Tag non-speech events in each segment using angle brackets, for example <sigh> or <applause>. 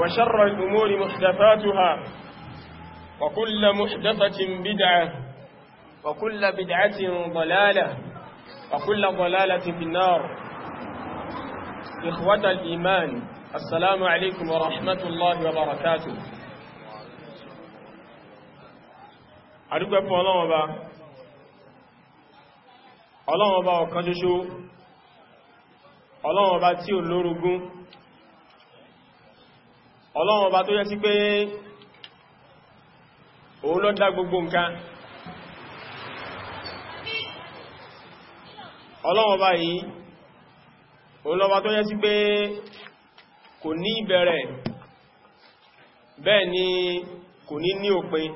وشر الأمور محدثاتها وكل محدثة بدعة وكل بدعة ضلالة وكل ضلالة في النار إخوة الإيمان السلام عليكم ورحمة الله وبركاته أدوك أبو الله أبا الله أبا وكجشو الله أبا تيو اللورقون ọlọ́run ọba tó yẹ sí pé òun ló dá gbogbo nǹkan ọlọ́run ọba yìí òun lọ́ba tó yẹ sí pé kò ní ìbẹ̀rẹ̀ bẹ́ẹ̀ ni kò ní ní òpin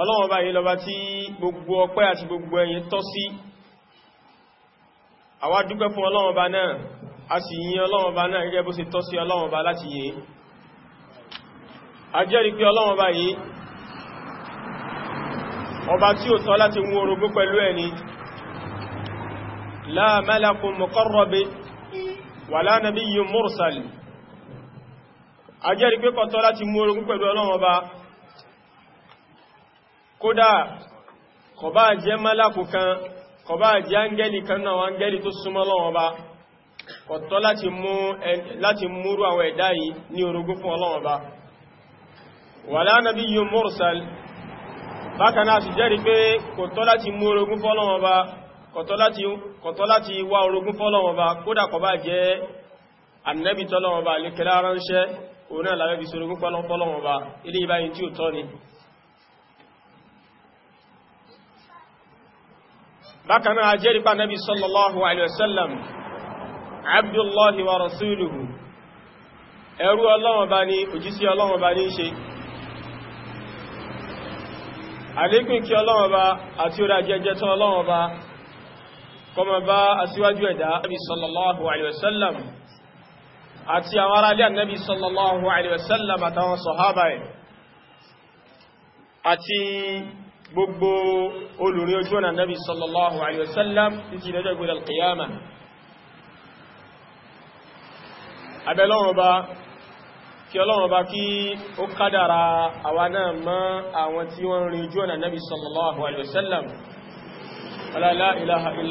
ọlọ́run ọba yìí lọ́ba tí gbogbo ọpẹ́ àti gbogbo ẹ̀yìn tọ́ sí àwa fún ọlọ́run ọba náà a sì yìn Ọlọ́run Ọba náà gẹ́gẹ́ bó ṣe tọ́ sí Ọlọ́run Ọba láti yìn a jẹ́rìí pé Ọlọ́run Ọba yìí ọba tí ó tọ́ láti mú orogún pẹ̀lú ẹni la malakun muqarrabi wala nabiyyun mursal a jẹ́rìí pé kò tọ́ láti mú orogún kan náà áńgẹ́lì tó súnmọ́ Ọlọ́run Ọba kọ̀tọ́ láti múrú àwọn ẹ̀dá yìí ní orogún fún Ọlọ́run Ọba wala nabiyyun mursal bákan náà sì jẹ́rìí pé kọ̀tọ́ láti mú orogún fún Ọlọ́run Ọba kọ̀tọ́ láti wá orogún fún Ọlọ́run Ọba kódà kó bá jẹ́ annabi tọ́lọ́run Ọba lè kẹ́lá ránṣẹ́ òun náà lábẹ́ fi sorogún sallallahu alaihi wasallam abdullahi wa rasuluhu ẹrú ọlọ́wọ̀n bá ní òjísí ọlọ́wọ̀n bá ní ṣe àlékún kí ọlọ́wọ̀n bá àti ó dájẹ́jẹ́ tán ọlọ́wọ̀n bá kọmọ bá aṣíwájú ẹ̀dá nabi sallallahu alaihi wasallam àti àwọn ará ilé nabi sallallahu alaihi wasallam àtàwọn sọ̀hábà ẹ̀ àti gbogbo olùrin ojú ọ̀nà nabi sallallahu alaihi títí lọ́jọ́ ìgbẹ̀rẹ̀ alqiyama abẹ́lọ́run bá kí ọlọ́run bá kí ó kádàrà àwa náà mọ́ àwọn tí wọ́n rí ojú ọ̀nà nabi sallallahu alaihi wasallam la ilaha ọ̀rọ̀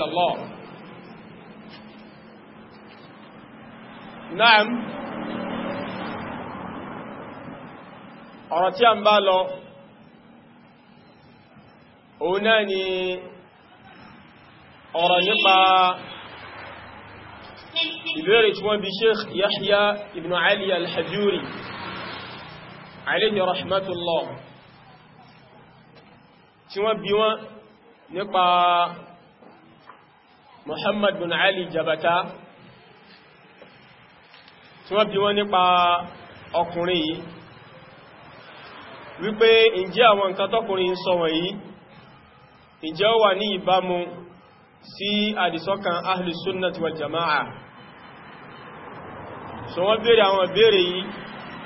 nípa ìbéèrè tí wọ́n bi sheikh yahya ibn ali al-hajuri alayhi rahmatullah tí wọ́n bi wọ́n nípa muhammad bin ali jabata tí wọ́n bi wọ́n nípa ọkùnrin yìí wípé ǹjẹ́ àwọn nǹkan tọ́kùnrin ń sọ wọ̀nyí ǹjẹ́ ó wà ní ìbámu sí àdìsọ́kàn ahlus sunnah wal jama'a so wọ́n béèrè àwọn béèrè yìí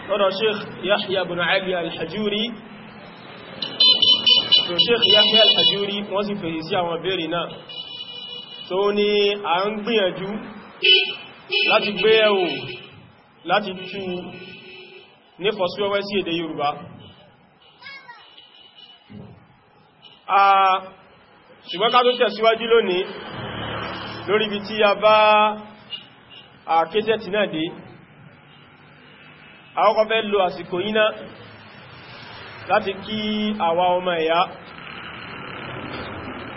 lọ́dọ̀ sheikh yahya bin ali al-hajuri so sheikh yahya al-hajuri wọ́n sì fèsì sí àwọn béèrè náà so ni a ń gbìyànjú láti gbé ẹ̀wò láti tú ní fọ́síwẹ́wẹ́ sí èdè yorùbá ṣùgbọ́n ká tó tẹ̀síwájú lónìí lórí ibi tí a bá àkétẹ́ náà dé àwọ́kọ́ fẹ́ lo àsìkò yíná láti kí àwa ọmọ ẹ̀yà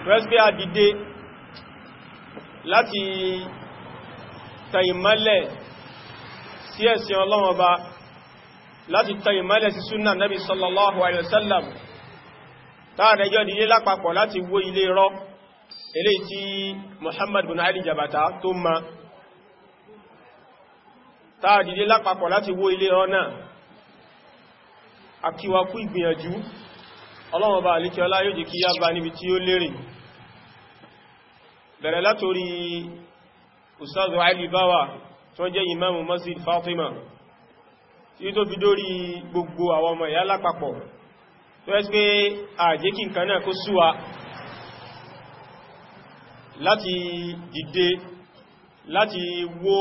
rẹ́sbí àdìdé láti tàìmọ́lẹ̀ sí ẹ̀sìn Ọlọ́run Ọba láti tàìmọ́lẹ̀ sí súnà Nábì sallallahu alaihi wasallam táàrẹjọ́ ìdílé lápapọ̀ láti wó ilé rọ́ eléyìí tí Muhammad bin Jabata tó máa táà dìde lápapọ̀ láti wó ilé ọ̀nà àkíwakú ìgbìyànjú ọlọ́wọ̀n bá alíkẹ́ ọlá yóò jẹ́ kí yá bá níbi tí ó lérè bẹ̀rẹ̀ látorí ustaz Ali Bawa tó jẹ́ imamu masjid Fatima tí tó fi dórí gbogbo àwọn ọmọ ìyá lápapọ̀ tó ẹ́sì pé àjẹ́kì láti dìde láti wó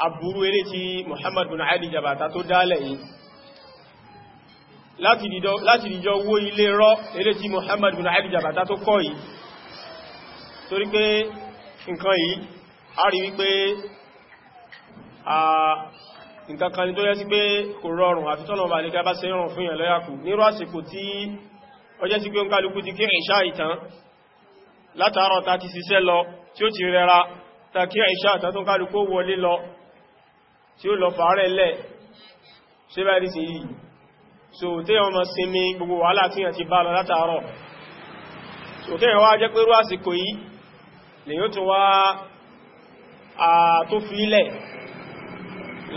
aburú eré tí Muhammad bin Ali Jabata tó dálẹ̀ yìí láti dìjọ wó ilé rọ́ eré tí Muhammad bin Ali Jabata tó kọ́ yìí torí pé nǹkan yìí a rí wípé a nǹkan kan ni tó yẹ sí pé kò rọrùn àfi tọ́nà ọba àlẹ́gá bá sẹ́rùn fún ìyàn lọ́yàkù nírọ̀ àsìkò tí ọjẹ́ sí pé ń kálukú ti kí ìṣá ìtàn látàárọ̀ ta ti ṣiṣẹ́ lọ tí ó ti rẹra ta kí ìṣá ìtàn tó kálukú wọlé lọ tí ó lọ fàárẹ̀ lẹ̀ ṣe bá rí sí yìí so téèyàn máa sinmi gbogbo wàhálà tí yàn ti bá lọ látàárọ̀ so téèyàn wá jẹ́ pé rú àsìkò yìí lèyàn tó wá tó fi ilẹ̀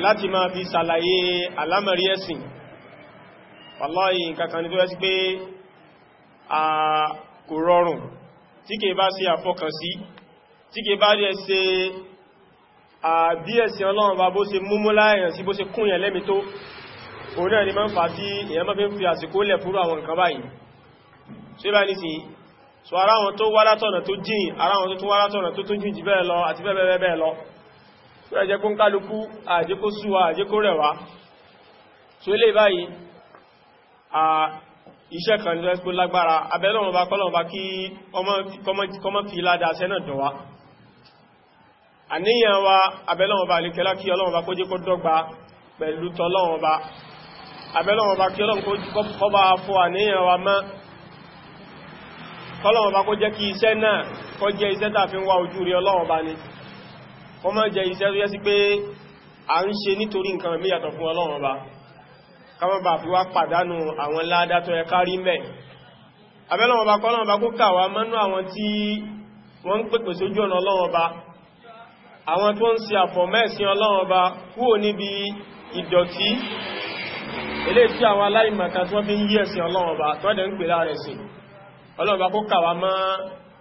láti máa fi ṣàlàyé àlámọ̀rí ẹ̀sìn wàláyé kankan ní tó rẹ́ sí pé kò rọrùn tí kìí bá ṣe àfọkànsí tí kìí bá rẹ̀ ṣe bí ẹ̀sìn ọlọ́run bá bó ṣe múmú láyàn sí bó ṣe kúnyàn lẹ́mi tó òun náà ni máa ń fà tí èyàn máa fi ń fi àsìkò lẹ̀ fúrú àwọn nǹkan báyìí ṣe bá ní sí so ara wọn tó wá látọ̀nà tó jìn ara wọn tó tún wá látọ̀nà tó tún jìn jù bẹ́ẹ̀ lọ àti bẹ́ẹ̀ bẹ́ẹ̀ lọ àníyàn wa abẹ́lọ́wọ́n bá alékẹ́lá kí ọlọ́wọ́n bá kó jẹ́ kó dọ́gba pẹ̀lú tọ́lọ́wọ́n bá abẹ́lọ́wọ́n bá kí ọlọ́wọ́n kó bá fún àníyàn wa mọ́ kọ́lọ́wọ́n bá kó jẹ́ kí iṣẹ́ náà kó jẹ́ iṣẹ́ tààfin wá ojú rí ọlọ́wọ́n bá ní kó má jẹ́ iṣẹ́ tó yẹ sí pé à ń ṣe nítorí nǹkan mí yàtọ̀ fún ọlọ́wọ́n fi wá pàdánù àwọn ládá tó wọ́n ń pèpè sójú ọ̀nà ọlọ́wọ́n àwọn tó ń ṣe àfọ̀mẹ́sìn ọlọ́run ọba kúrò níbi ìdọ̀tí ilé tí àwọn aláìmọ̀ká tí wọ́n fi ń yí ẹ̀sìn ọlọ́run ọba tó ẹ̀dẹ̀ ń pè láàrẹ̀ sí ọlọ́run ọba kó kàwà mọ́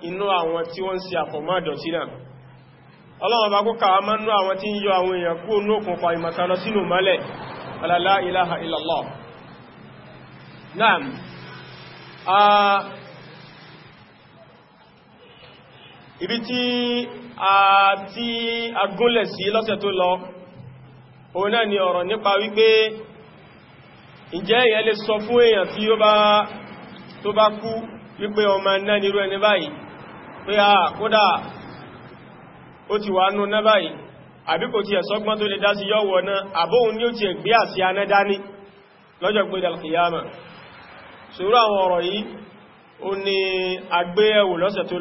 inú àwọn tí wọ́n ń ṣe àfọ̀mọ́ ìdọ̀tí náà ọlọ́run ọba kó kàwà mọ́ inú àwọn tí ń yọ àwọn èèyàn kúrò ní òkùnfà ìmọ̀ká lọ sínú mọ́lẹ̀ la ilaha illallah Naam. Ah, ibi tí tí a gúnlẹ̀ sí lọ́sẹ̀ tó lọ òun náà ni ọ̀rọ̀ nípa wípé ǹjẹ́ èyàn lè sọ fún èyàn tí ó bá tó bá kú wípé ọmọ náà nírú ẹni báyìí pé a kódà ó ti wà nú náà báyìí àbí kò ti ẹ̀sọ́gbọ́n tó lè dá sí yọ́wọ̀ náà àbóhun ní ó ti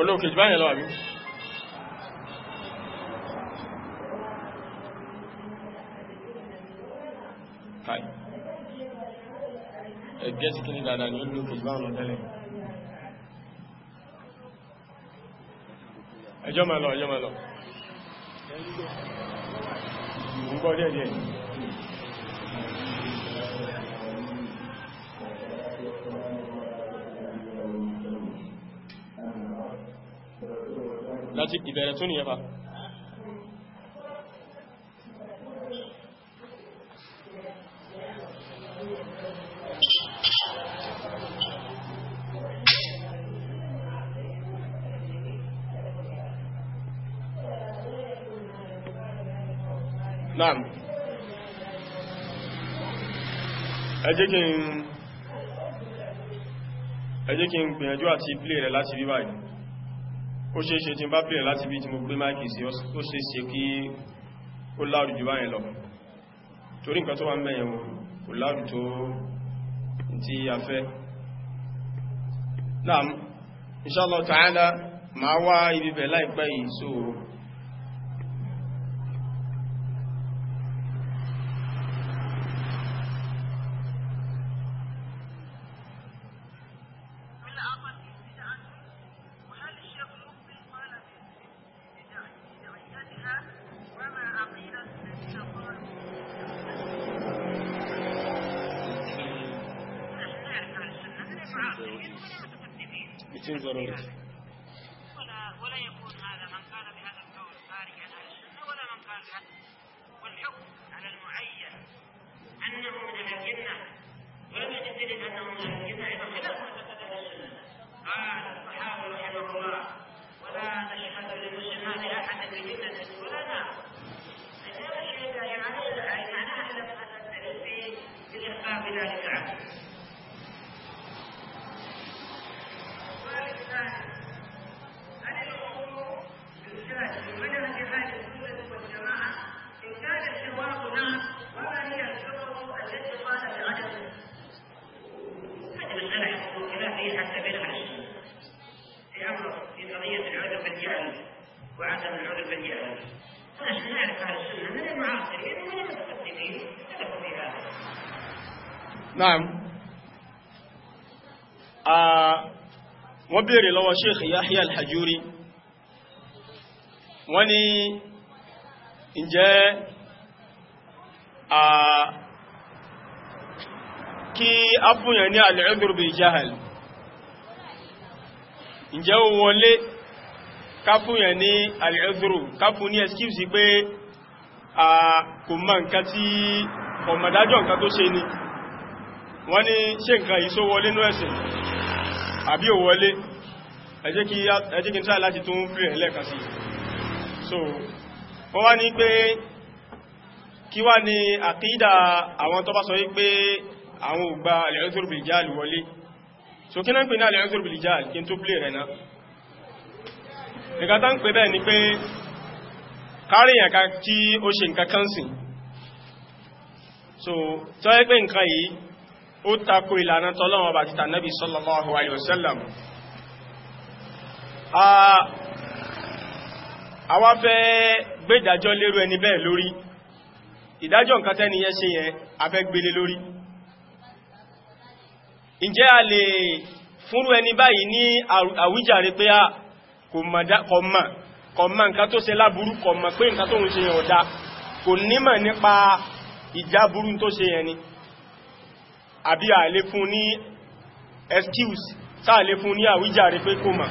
olóòkè jù báyìí lọ àbí káì ẹgbẹ́ sí kí ní dáadáa ní olóòkè jù báyìí lọ tẹ́lẹ̀ ẹjọ́ máa lọ ẹjọ́ máa lọ ìgbọ́ díẹ̀ láti ìbẹ̀rẹ̀ tó nìyẹn fa náà ẹ jẹ́ kí n ẹ jẹ́ kí n gbìyànjú àti play rẹ̀ láti rí báyìí ó ṣe é ṣe tí n bá play rẹ̀ láti bí tí mo gbé máìkì sí ó ṣe ṣe kí ó láàrù jù báyìí lọ torí nǹkan tó wà mẹ́yẹn kò láàrù tó tí a fẹ́ náà inshallah ta'ala máa wá ibi bẹ̀ láìpẹ́ yìí so béèrè lọ́wọ́ Sheikh Yahya al-Hajuri wọ́n ní ǹjẹ́ a kí afúnyàn ní al jahal bil jahl ǹjẹ́ ó wọlé káfúnyàn ní al-udhru káfún ní excuse pé a kò mọ̀ nǹkan tí ọmọdájọ́ nǹkan tó ṣe ni wọ́n ní ṣe nǹkan yìí só wọlé àbí ò ẹjẹ́ kí n try láti tún fi rẹ̀ so wọ́n wá ní pé kí wá ní àkídà àwọn tó bá sọ wípé àwọn ògbà al wọlé so kí náà pè ní al-udhur bil jahl kí n tó plé rẹ̀ náà so tó yẹ pé nǹkan yìí ó tako ìlànà tọ́lọ́wọ́ sallallahu alaihi wasallam àwa fẹ́ gbé ìdájọ́ lérú ẹni bẹ́ẹ̀ lórí ìdájọ́ nǹkan tẹ́ni yẹn ṣe yẹn a fẹ́ gbélé lórí ǹjẹ́ a lè fúnrú ẹni báyìí ní àwíjàre pé a kò mọ̀ kò mọ̀ nǹkan tó ṣe láburú kò mọ̀ pé nǹkan tó ń ṣe yẹn ọ̀dá kò nímọ̀ nípa ìjáburú tó ṣe yẹn ni àbí a lè fún ní excuse tá lè fún ní àwíjàre pé kò mọ̀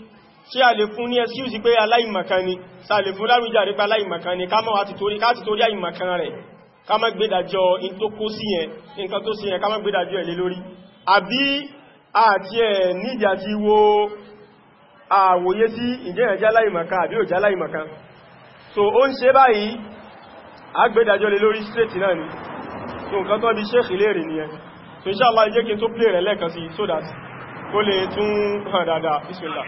ṣé a lè fún ní excuse pé aláìmọ̀kan ni ṣé a lè fún lárújà rí pé aláìmọ̀kan ni kámọ́ àti torí káti torí àìmọ̀kan rẹ̀ kámọ́ gbédàjọ́ in tó kó sí yẹn nǹkan tó sí yẹn kámọ́ gbédàjọ́ ẹ̀ lé lórí àbí àti ẹ̀ nídìí àti wo àwòye sí ìjẹ́ ẹ̀jẹ́ aláìmọ̀kan àbí òjẹ́ aláìmọ̀kan so ó ń ṣe báyìí straight náà so nǹkan tó bí Sheikh so inshallah jẹ́ kí n tó so that kó lè tún hàn bismillah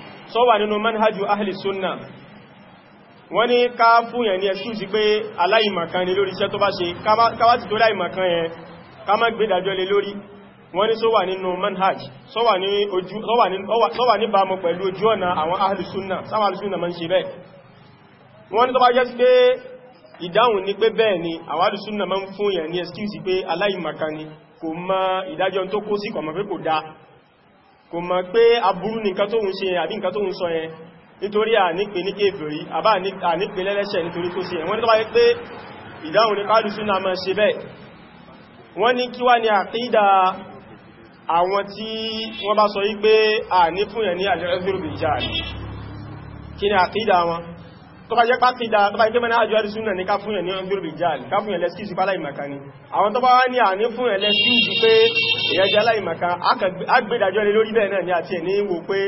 sọ́wà nínú manhajú ahli sunna wọ́n ní ká fún yẹn ni lórí iṣẹ́ tó bá ṣe káwàtí tó láìmọ̀kan yẹn ká má gbé dájọ́ lé lórí wọ́n ní sọ́wà nínú manhaj sọ́wà ní bámu pẹ̀lú ojú ọ̀nà àwọn ahli sunna sáwọn ahli sunna ma ń ṣe bẹ́ẹ̀ wọ́n ní tó bá jẹ́ sí pé ìdáhùn ní pé bẹ́ẹ̀ ni àwọn ahli sunna ma ń fún yẹn ní ẹ̀ṣùsí pé aláìmọ̀kan ni kò mọ ìdájọ́ tó kó sí kọ̀mọ̀ pé kò dáa kò mọ̀ pé aburú ní nǹkan tó ń ṣe àbí nǹkan tó ń sọ yẹn nítorí ànípe ní kéfèrí àbá ànípe lẹ́lẹ́ṣẹ̀ nítorí tó ṣe wọ́n ní tó wáyé pé ìdáhùn ní káàlù súnà mọ́ ṣe bẹ́ẹ̀ wọ́n ní kí wá ní àkídà àwọn tí wọ́n bá sọ yí àní fún tó bá jẹ́ pàtídà tó bá jẹ́ mẹ́rin àjọ àrísúnà ní ká fún ẹ̀ ní ọdún ìjáàlì ká fún ẹ̀ lẹ́sí ìsìpá láìmàká ni àwọn tó bá wá ní àní fún ẹ̀ lẹ́sí ìjú pé ìyẹjẹ́ láìmàká agbẹ́dàjọ́ lé lórí bẹ́ẹ̀ náà ni àti ẹ̀ ní wo pé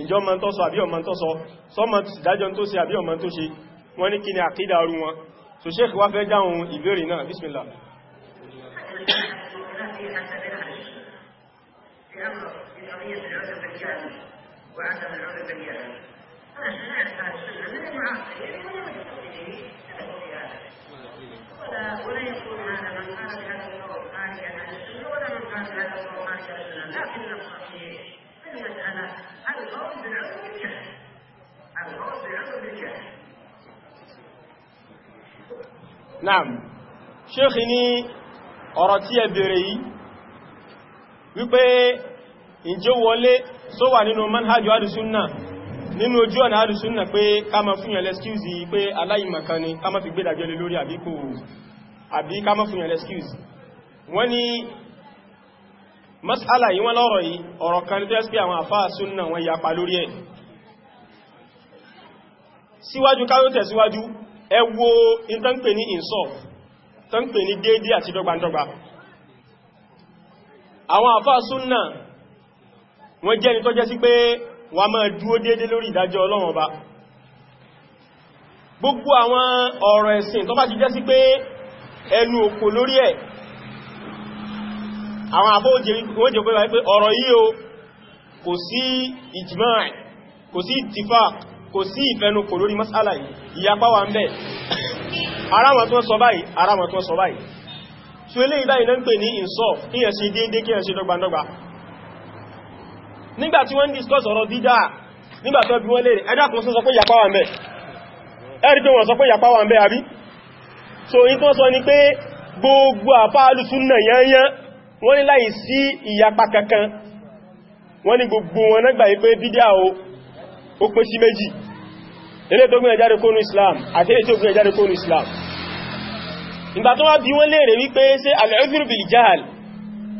ìjọ ọmọ tó sọ àbí ọmọ tó sọ sọmọ ìdájọ́ tó ṣe àbí ọmọ tó ṣe wọ́n ní kí ni àkídà ọrú wọn so ṣe wá fẹ́ dáhùn ìbéèrè náà bismillah وعدم العذر بالجهل Naam. Ṣéèkì ní ọ̀rọ̀ tí ẹ bèèrè yìí wípé ìjó wọlé só wà nínú manhajjú adùsúnnà nínú ojú ọ̀nà àdùsúnnà pé ká ma fún yẹn excuse pé aláìmọ̀kan ni ká ma fi gbédàgbélé lórí àbí kò àbí ká ma fún yẹn excuse wọ́n ni masala yìí wọ́n lọ́rọ̀ yìí ọ̀rọ̀ kan tó ẹ́sì pé àwọn àfáà súnnà wọ́n yapa lórí ẹ̀ síwájú insof tànpè ní déédé àti dọ́gbandọ́gba àwọn àfáà súnnà wọ́n jẹ́ ni wọ́n máa dúó dédé lórí ìdájọ́ ọlọ́run ọba gbogbo àwọn ọ̀rọ̀ ẹ̀sìn tó bá ti jẹ́ sí pé ẹnu òkò lórí ẹ̀ àwọn àbó òjè pé wáyé pé ọ̀rọ̀ yìí o kò sí ìjìmọ́ kò sí ìtìfà kò sí ìfẹnukò lórí masala yìí ìyapa wà ń bẹ ara wọn tó ń sọ báyìí ara wọn tó ń sọ báyìí so eléyìí báyìí náà ń pè ní insaf kíyàn ṣe déédé kíyàn ṣe dọ́gbandọ́gba nígbà tí wọ́n discuss ọ̀rọ̀ dídá nígbà tó bí wọ́n lè ẹ̀dà kún sọ pé yàpá wà ń bẹ̀ ẹ̀rí pé wọ́n sọ pé yàpá wà ń bẹ̀ àbí so in tó sọ ni pé gbogbo àfáàlù súnnà yányán wọ́n ní láì sí ìyapa kankan wọ́n ní gbogbo wọn nágbà pé bídá ó pé sí méjì ilé tó gbìyànjá kónú Islam àti ilé tó gbìyànjá kónú Islam ìgbà tó wá bí wọ́n léèrè wípé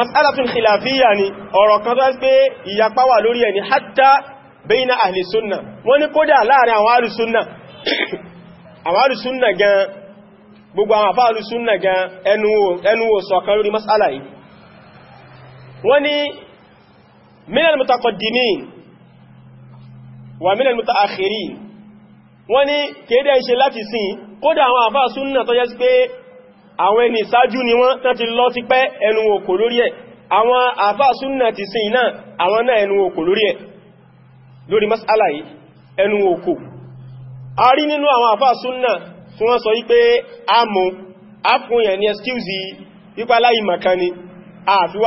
masalatun khilafiyya ni ọ̀rọ̀ kan tó pé ìyapa wà lórí ẹni hatta bayna ahli sunna wọ́n ní kódà láàrin àwọn ahli sunna <coughs> àwọn ahli sunna gan gbogbo àwọn àfáàlù súnnà gan ẹnuwò sọ̀kan lórí masala yìí wọ́n ni minal mutaqaddimin wà minal mutaakhirin wọ́n ni kéde àwọn ẹni ìsájú ni wọ́n tán ti lọ ti pẹ́ ẹnu òkò lórí ẹ̀ àwọn àfáà súnnà ti sin náà àwọn náà ẹnu òkò lórí ẹ̀ lórí masala yìí ẹnu òkò a rí nínú àwọn àfáà súnnà tí wọ́n sọ wípé a mú a fún yẹn ní ẹskíùsì wípá aláìmọ̀kan ni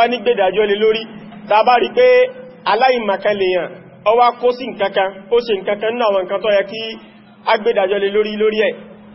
ní gbẹ̀dàjọ́ lé lórí ta pé aláìmọ̀kan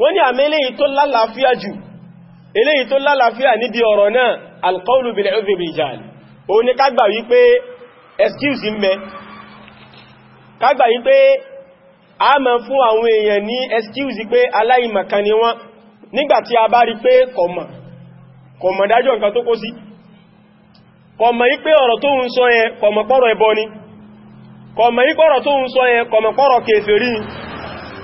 wọ́n ní àmì eléyìí tó lálàáfíà jù eléyìí tó lálàáfíà níbi ọ̀rọ̀ náà alqawlu bil udhri bil jahl òun ni kágbà wípé excuse mẹ́ kágbà wípé a mọ̀ fún àwọn èèyàn ní excuse pé aláìmọ̀kan ni wọ́n nígbàtí a bá rí pé kọ̀mọ̀ kọ̀mọ̀ dájọ́ nǹkan tó kó sí kọ̀mọ̀ yí pé ọ̀rọ̀ tó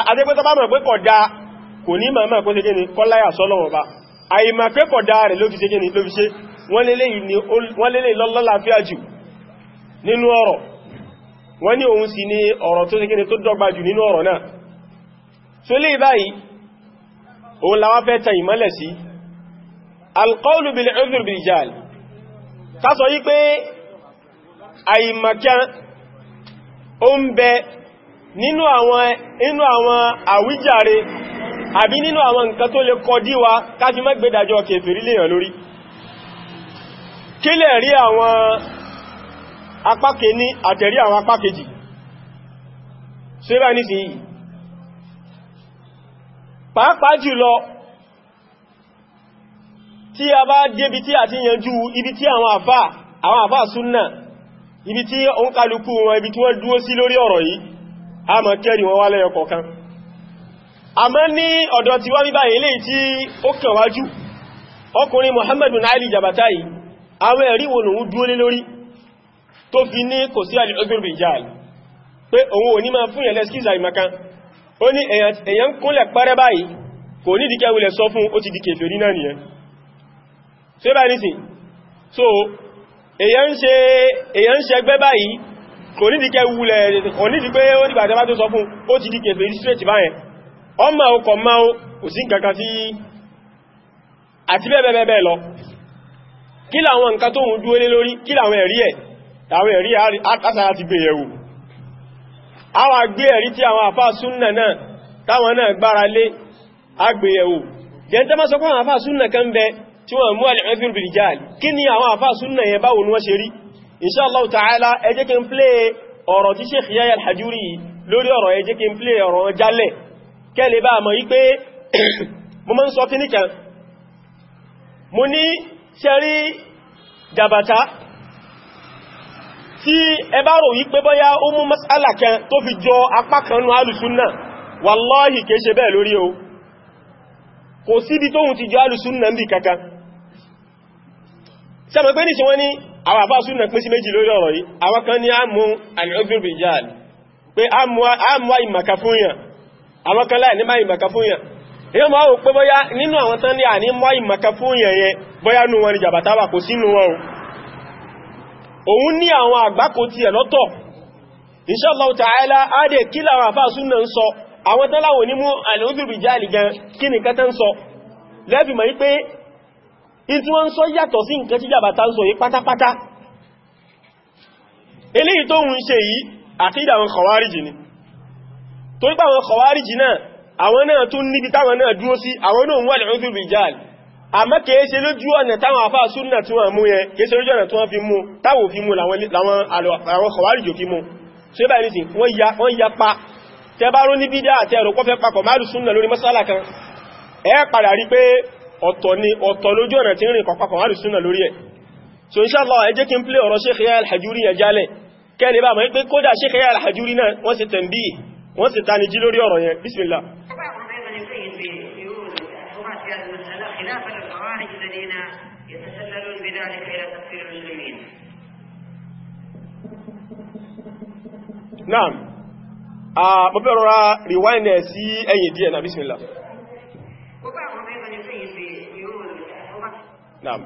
adẹ́gbẹ́ta bá mọ̀ pé kọ̀dá kò ní màmá kó ṣe gíní kọ́láyà sọ́lọ́wọ́ bá àìmà pé kọ̀dá rẹ̀ ló fi ṣe gíní ló fi ṣe wọ́n lélẹ̀ lọ́lọ́láfíà jù nínú ọ̀rọ̀ wọ́n ní òun sì ní ọ̀rọ̀ tó ṣe gíní tó dọ́gba jù nínú ọ̀rọ̀ náà so lè báyìí òun làwá ń bẹ nínú àwọn inú àwọn àwíjàre àbí nínú àwọn nǹkan tó lè kọ díwa káfí mẹ́gbẹ̀dájọ́ kèfèrí lèyàn lórí kí lè rí àwọn apáke ní àtẹ̀rí àwọn apákejì ṣe bá ní sí yìí pàápàá jùlọ tí a bá débi tí a ti yanjú ibi tí àwọn àfà àwọn àfà súnnà ibi tí òǹkàlùkù wọn ibi tí wọ́n dúó sí lórí ọ̀rọ̀ yìí a mọ̀ kẹ́rì wọn wá lẹ́yọ kọ̀ọ̀kan àmọ́ ní ọ̀dọ̀ ti wá bíbá ilé tí ó kàn wájú ọkùnrin Naili Jabatai àwọn ẹ̀rí wo lòun dúó lé lórí tó fi ní kò sí àlẹ́gbẹ̀rẹ̀ ìjáàlì pé òun ò ní máa fún ìyẹ̀lẹ́ skíza ìmakan ó ní èyàn kúnlẹ̀ pẹ́rẹ́ báyìí kò sọ kò ní dìkẹ́ wulẹ̀ kò ní dìkẹ́ ó dìgbà tẹ́bá tó sọ fún ó ti dìkẹ́ fèrí straight báyẹn ọmọ ọkọ̀ máa ó kò sí nǹkankan tí àti bẹ́ẹ̀bẹ́ẹ̀bẹ́ lọ kí làwọn nǹkan tó ń dúó lé lórí kí làwọn ẹ̀rí ẹ̀ àwọn ẹ̀rí àtàsára ti gbé yẹ̀wò àwọn agbé ẹ̀rí tí àwọn àfáà súnnà náà táwọn náà gbára lé agbèyẹ̀wò jẹ́ntẹ́ máa sọ fún wọ́n mú àlẹ́fẹ́rù bìrìjáàlì kí ni àwọn àfáà súnnà yẹn báwo ni wọ́n ṣe rí inshallah ta'ala ẹ jẹ́ kí n play ọ̀rọ̀ tí Sheikh Yahya al-Hajuri lórí ọ̀rọ̀ ẹ jẹ́ kí n play ọ̀rọ̀ jálẹ̀ kẹ́lẹ̀ bá mọ̀ yí pé <coughs> mo mọ́ ń sọ kíníkà mo ní ṣẹ́rí jàbàtá tí ẹ bá rò wípé bọ́yá ó mú mas'ala kan tó fi jọ apá kan nù alùsúnnà wallahi kìí ṣe bẹ́ẹ̀ lórí o kò síbi tóhun ti jọ alùsúnnà ń bì kankan sẹ́mọ̀ pé nìṣẹ́ wọ́n ni àwọn àbá súnà pín sí méjì lórí ọ̀rọ̀ yìí àwọn kan ní àmú alìọ́gbìrìbìjáàlì pé àmúwá ìmàkà fún yàn àwọn kan láì nímá ìmàkà fún yàn èyàn máa wò pé bóyá nínú àwọn tán ní ànímọ́ ìmàkà fún yẹn bóyá nù wọn ni jàbàtà wà kò sínú wọn o òun ní àwọn àgbákò inshallah ta'ala adé kí làwọn àbá ìtí wọ́n ń sọ yàtọ̀ sí nǹkan tí jàbàtà ń sọ yí pátápátá eléyìí tó ń ṣe yìí àkídà àwọn kọwàríjì ni tó ń pa àwọn kọwàríjì náà àwọn náà tún níbi táwọn náà dúró sí àwọn náà wà lẹ́rùn fún ìjáàlì àmá kèése lójú ọ̀nà táwọn àfáà súnnà tí wọ́n mú yẹn kèése lójú ya pa tẹbárò ní bídá àti ẹ̀rọ pọ́fẹ́ papọ̀ márùn súnnà lórí mọ́sálà kan ọ̀tọ̀ ni ọ̀tọ̀ lójú ọ̀nà tí ń rìn kọ̀pàpọ̀ wà lùsúnà lórí ẹ̀ so inṣàlá ẹ jẹ́ kí n plé ọ̀rọ̀ Sheikh Yahya al-Hajuri yẹn jálẹ̀ kẹ́lẹ̀ bá mọ̀ pé kódà Sheikh Yahya al-Hajuri náà wọ́n sì tẹ̀m̀bí wọ́n sì tanijí lórí ọ̀rọ̀ yẹn bismillah Naam. Ah, mo fẹ́ rọra rewind ẹ̀ sí ẹ̀yìn díẹ̀ náà, bismillah. náà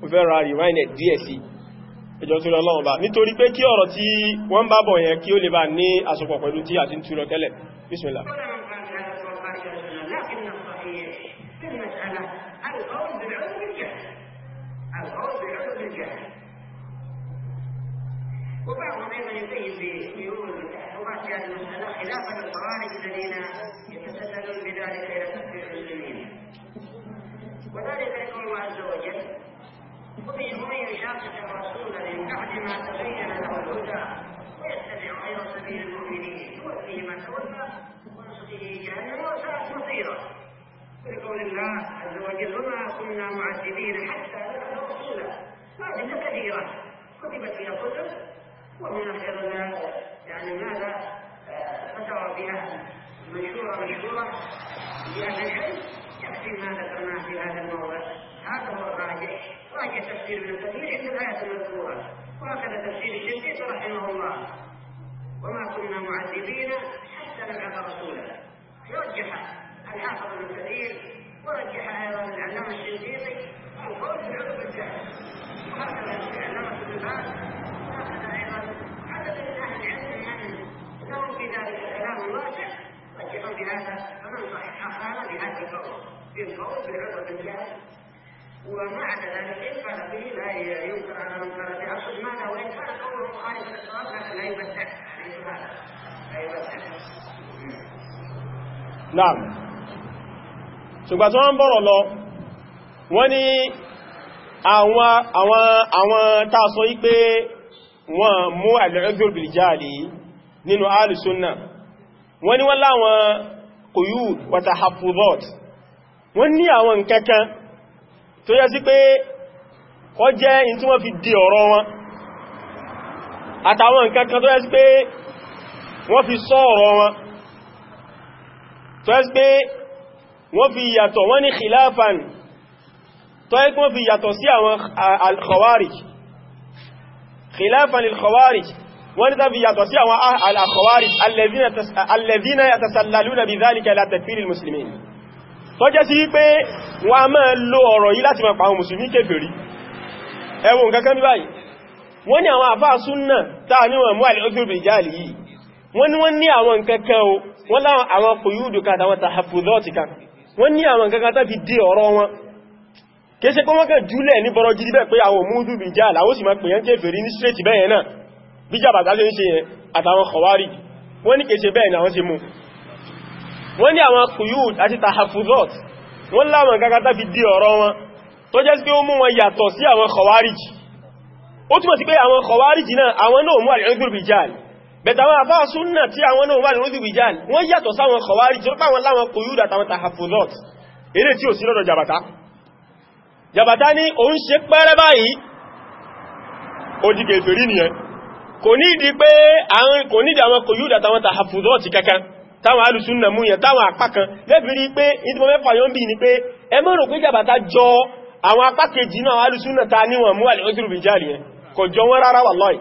mo fẹ́ ra rewind díẹ̀ sí ẹjọ́ tó lọ́wọ́ bá nítorí pé kí ọ̀rọ̀ tí wọ́n ń bábọ̀ yẹn kí ó lè bá ní àsopọ̀ pẹ̀lú tí àti خلافة القرآن الذين يتسللون بذلك إلى تكفير المسلمين وذلك يقول الله عز وجل ومن يشاقق الرسول من بعد ما تبين له الهدى ويتبع غير سبيل المؤمنين يوفيه ما تولى ونصره جهنم وساءت مصيره لقول الله عز وجل وما كنا معذبين حتى نبعث رسولا هذه كثيره كتبت فيها كتب ومن خير يعني ماذا آه، فتوى بها منشوره منشوره لاهل العلم تفسير فيما ذكرناه في هذا الموضع هذا هو الراجح راجع تفسير ابن كثير في الآية المذكورة وهكذا تفسير الشنقيط رحمه الله وما كنا معذبين حتى نبعث رسولا رجح الحافظ ابن كثير ورجح أيضا العلامة الشنقيطي القول بعلو الجهل وهكذا العلامة ابن باز وهكذا أيضا عدد من أهل العلم يعني لهم في ذلك كلام واسع رجحوا بهذا فمن صحح هذا بهذا القول بالقول بغضب الله ومعنى ذلك إن قال به لا ينكر على من قال به أصل معنى وإن كان قوله مخالف للصواب لكن لا يمتع لا يمتع نعم ṣùgbà tó ń bọ̀rọ̀ lọ wọ́n ní àwọn àwọn àwọn tààsọ wípé wọ́n mú al-udhr bil jahli nínú ahlus sunnah wọ́n ní wọ́n láwọn quyud wa tahaffuzat wọ́n ní àwọn nǹkankan tó yẹ sí pé kọ́ jẹ́ in tí wọ́n fi di ọ̀rọ̀ wọn àtàwọn nǹkankan tó yẹ sí pé wọ́n fi sọ ọ̀rọ̀ wọn tó yẹ sí pé wọ́n fi yàtọ̀ wọ́n ní khilafan tó yẹ kí wọ́n fi yàtọ̀ sí àwọn al yàtọ̀ sí àwọn al-khawarij alladhina yatasallaluna bi dhalika ila takfiril tó jẹ́ sí wípé wọ́n a máa lo ọ̀rọ̀ yìí láti máa pa àwọn mùsùlùmí kèfèrí ẹ wo nǹkan kan bí báyìí wọ́n ní àwọn àfáà súnnà táà ní wọ́n mú àlẹ́ọ́gbẹ̀rẹ̀ ìjáàlì yìí wọ́n ní wọ́n ní àwọn nǹkan kan o wọ́n láwọn àwọn kòyúdù kan àtàwọn tàhàfùdọ́ọ̀tì kan wọ́n ní àwọn nǹkan kan tó fi dé ọ̀rọ̀ bẹ́ẹ̀ ni àwọn ṣe mú wọ́n ní àwọn kùyùd àti tahafuzot wọ́n láwọn gagata fi dí ọ̀rọ̀ wọn tó jẹ́ pé ó mú wọn yàtọ̀ sí àwọn kọwárìjì ó túnmọ̀ sí pé àwọn kọwárìjì náà àwọn náà mú àríwọ́dúrú bìjáàl bẹ̀tà àwọn àfáà súnnà tí àwọn náà mú àríwọ́dúrú bìjáàl wọ́n yàtọ̀ sáwọn kọwárìjì ó pàwọn láwọn kò ní ìdí pé àwọn kò ní ìdí àwọn kòyúdà táwọn alùsúnnà mú yẹn táwọn apákan lẹ́bìrí pé ìtìmọ̀ mẹ́fà yóò bí ní pé ẹmọ́rò pé jàbàtà jọ àwọn apákejì náà alùsúnnà ta níwọ̀n mú àlẹ́ọ́sìrò bìjáàlì yẹn kò jọ wọ́n rárá wà lọ́ì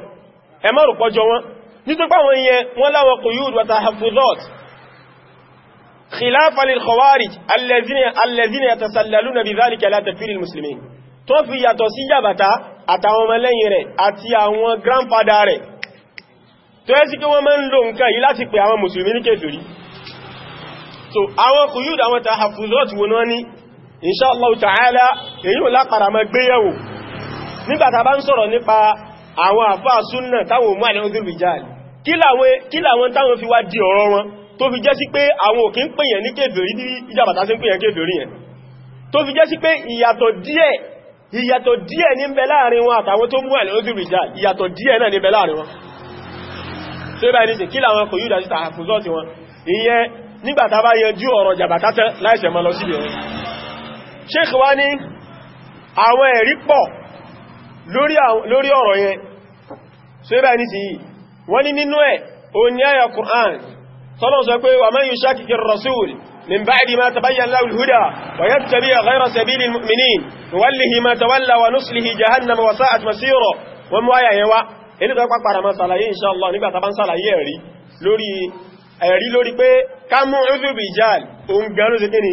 ẹmọ́rò pọ̀ jọ wọ́n nítorí pàwọn yẹn wọ́n láwọn quyud wa tahaffuzat muslimin tó fi yàtọ̀ sí jàbàtà àtàwọn ọmọlẹ́yìn rẹ̀ àti àwọn grandfather rẹ̀ tó yẹ́ sí kí wọ́n máa ń lo yìí láti pè àwọn mùsùlùmí ní kèfèrí so àwọn kùyùd àwọn tahafuzot wọn wọ́n ní insha Allah ta'ala èyí ò lápàdà máa gbéyẹ̀wò nígbàtà bá ń sọ̀rọ̀ nípa àwọn àfáà súnnà táwọn òmú àlẹ́ ọdún rijal kí làwọn táwọn fi wá di ọ̀rọ̀ wọn tó fi jẹ́ sí pé àwọn òkè ń pèyàn ní kèfèrí bí ìjàbàtà sí ń pèyàn kèfèrí yẹn ìyàtọ̀ díẹ̀ ní bẹ láàrin wọn àtàwọn tó mú àlẹ́ ọdún rijal ìyàtọ̀ díẹ̀ náà ní bẹ láàrin wọn so ibà ní kí làwọn kò yúdà sí tààfùzọ́ ti wọn ìyẹn nígbàtà bá yanjú ọ̀rọ̀ jàbàtátẹ́ láìsẹ̀ mọ́ lọ sí ìrìn Sheikh wá ní àwọn ẹ̀rí pọ̀ lórí ọ̀rọ̀ yẹn so ibà ní sí wọ́n ní nínú ẹ̀ o ní àyà Qur'an tọ́lọ̀ sọ pé wa man yushaqiqi ar-rasul min ba'di ma tabayyana lahu al-huda wa yattabi' ghayra sabili al-mu'minin nuwallihi ma tawalla wa nuslihi jahannama wa sa'at masira wọ́n mú àyà yẹn wá ilé tó pàpàdà máa sàlàyé inshallah nígbàtà bá ń sàlàyé ẹ̀rí lórí ẹ̀rí lórí pé ká mú ọdún ìjáàl òun gẹ̀rún sí kíni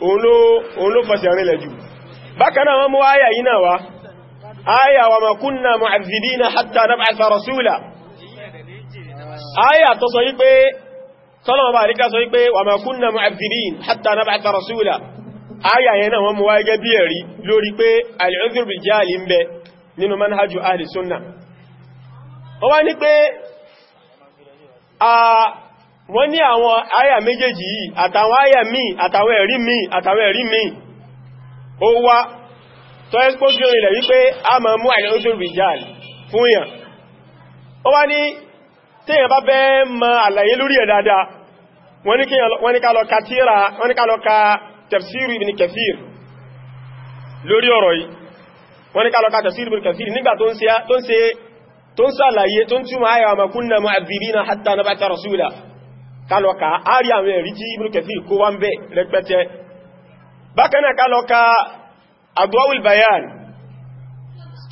òun ló fọ́sẹ̀ rìn lẹ́jù bákanáà wọ́n mú áyà yìí náà wá áyà wa ma ahli sunnah wọ́n wá ní pé wọ́n ní àwọn àyà méjèèjì yìí àtàwọn àyà míì àtàwọn ẹ̀rí míì àtàwọn ẹ̀rí míì ó wá tó ẹ́sìpójú ilẹ̀ wípé a máa mú àìlẹ́ oṣù rijal fún yàn ó wá ní téèyàn bá bẹ́ mọ àlàyé lórí ẹ̀ dáadáa wọ́n ní ká lọ ka tírà wọ́n ní ká lọ ka tafsiru ibn kathir lórí ọ̀rọ̀ yìí wọ́n ní ká lọ ka tafsiru ibn kathir nígbà tó ń ṣe tó ń sàlàyé tó ń túnmà ayà ma kunna mu'adhibina hatta nab'atha rasula kálọ́ka àárí àwọn ẹ̀rí tí Ibn Kathir kó wá ń bẹ́ rẹpẹtẹ bákan náà kálọ́ka Adwa'ul Bayan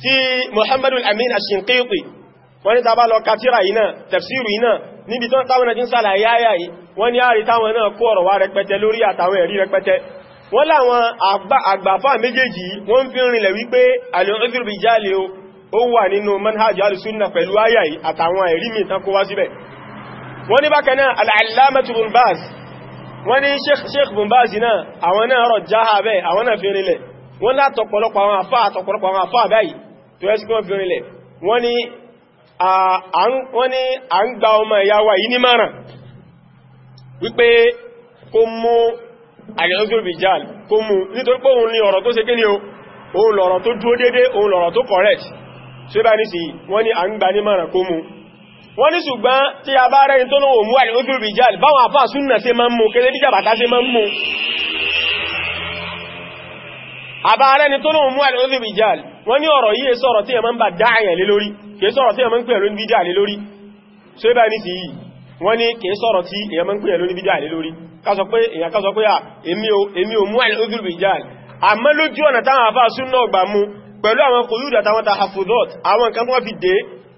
tí Muhammadul Amin Ash-Shinqiti wọ́n ní tàbá lọ́ka tíra iná tafsiru iná níbi tó táwọn ẹjí ń sàlàyé ayà yìí wọ́n ní àárí táwọn náà kó ọ̀rọ̀ wá rẹpẹtẹ lórí àtàwọn ẹ̀rí rẹpẹtẹ wọ́n láwọn àgbàfà méjèèjì wọ́n fi ń rinlẹ̀ wípé al-udhru bi jahli ó wà nínú manhaj alìsúnnà pẹ̀lú ayayi àtàwọn ẹ̀rí mi tán kó wá síbẹ̀ wọ́n ní bákan náà al'alamatu bin baz wọ́n ní sheikh bin baz náà àwọn náà rọ̀ jáha bẹ́ àwọn náà fìrinlẹ̀ wọ́n látọ̀pọ̀lọpọ̀ àwọn àfáà àtọ̀pọ̀lọpọ̀ àwọn àfáà báyìí tó ẹ́ sí kí wọ́n fìrinlẹ̀ wọ́n ní à ń gba ọmọ ìyá wa yìí ní márùn ṣe bá ní sí wọ́n ni à ń gba ní mara kó mú wọ́n ní ṣùgbọ́n tí a bá rẹ́rin tó lóòwò mú àrí ojúrù ìjáàlì báwọn àfáà súnnà ṣe máa ń mú kéde bíjà bàtà ṣe máa ń mú àbá rẹ́ni tó lóòwò mú àrí ojúrù ìjáàlì wọ́n ní ọ̀rọ̀ yìí sọ̀rọ̀ tí a máa ń bà dáàyàn sí yìí ń mú àrí lójú ọ̀nà táwọn àfáà súnnà ọgbà mú pẹ̀lú àwọn kòyúdù àtàwọn tahafudot àwọn nǹkan tó wọ́n fi dé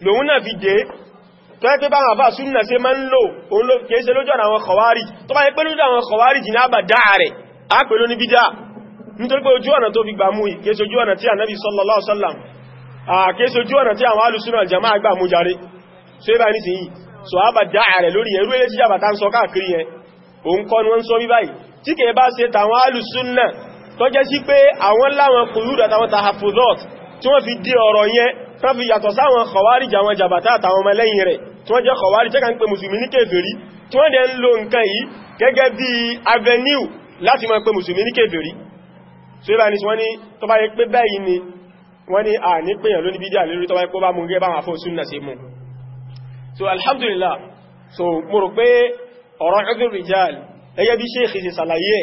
lòun náà fi dé tó yẹ́ pé bá àbá súnnà sí ma ń lò òun ló kìí ṣe lójú ọ̀nà àwọn kọwárì tó bá yẹ pé lójú àwọn kọwárì jì ní àbà dáa rẹ̀ á pè ló ní bídá nítorí pé ojú ọ̀nà tó fi gbà mú kìí ṣojú ọ̀nà tí ànábì sallallahu so ẹ bá ní sìn yìí so àbà dáa rẹ̀ lórí ẹrú eré jíjà bàtà ń sọ káàkiri tó jẹ́ sí pé àwọn láwọn kùlúd àtàwọn tahafuzot tí wọ́n fi dí ọ̀rọ̀ yẹn tó fi yàtọ̀ sáwọn khawarij àwọn jàbàtà àtàwọn ọmọlẹ́yìn rẹ̀ tí wọ́n jẹ́ khawarij jẹ́ kan pé mùsùlùmí ní kèfèrí tí wọ́n dẹ̀ ń lo nǹkan yìí avenue láti máa pé mùsùlùmí ní kèfèrí so ìbá ní wọ́n ní tó bá yẹ pé báyìí ni wọ́n ní à so alhamdulillah so mo rò pé ọ̀rọ̀ ẹgbẹ̀rẹ̀ jẹ́ gẹ́gẹ́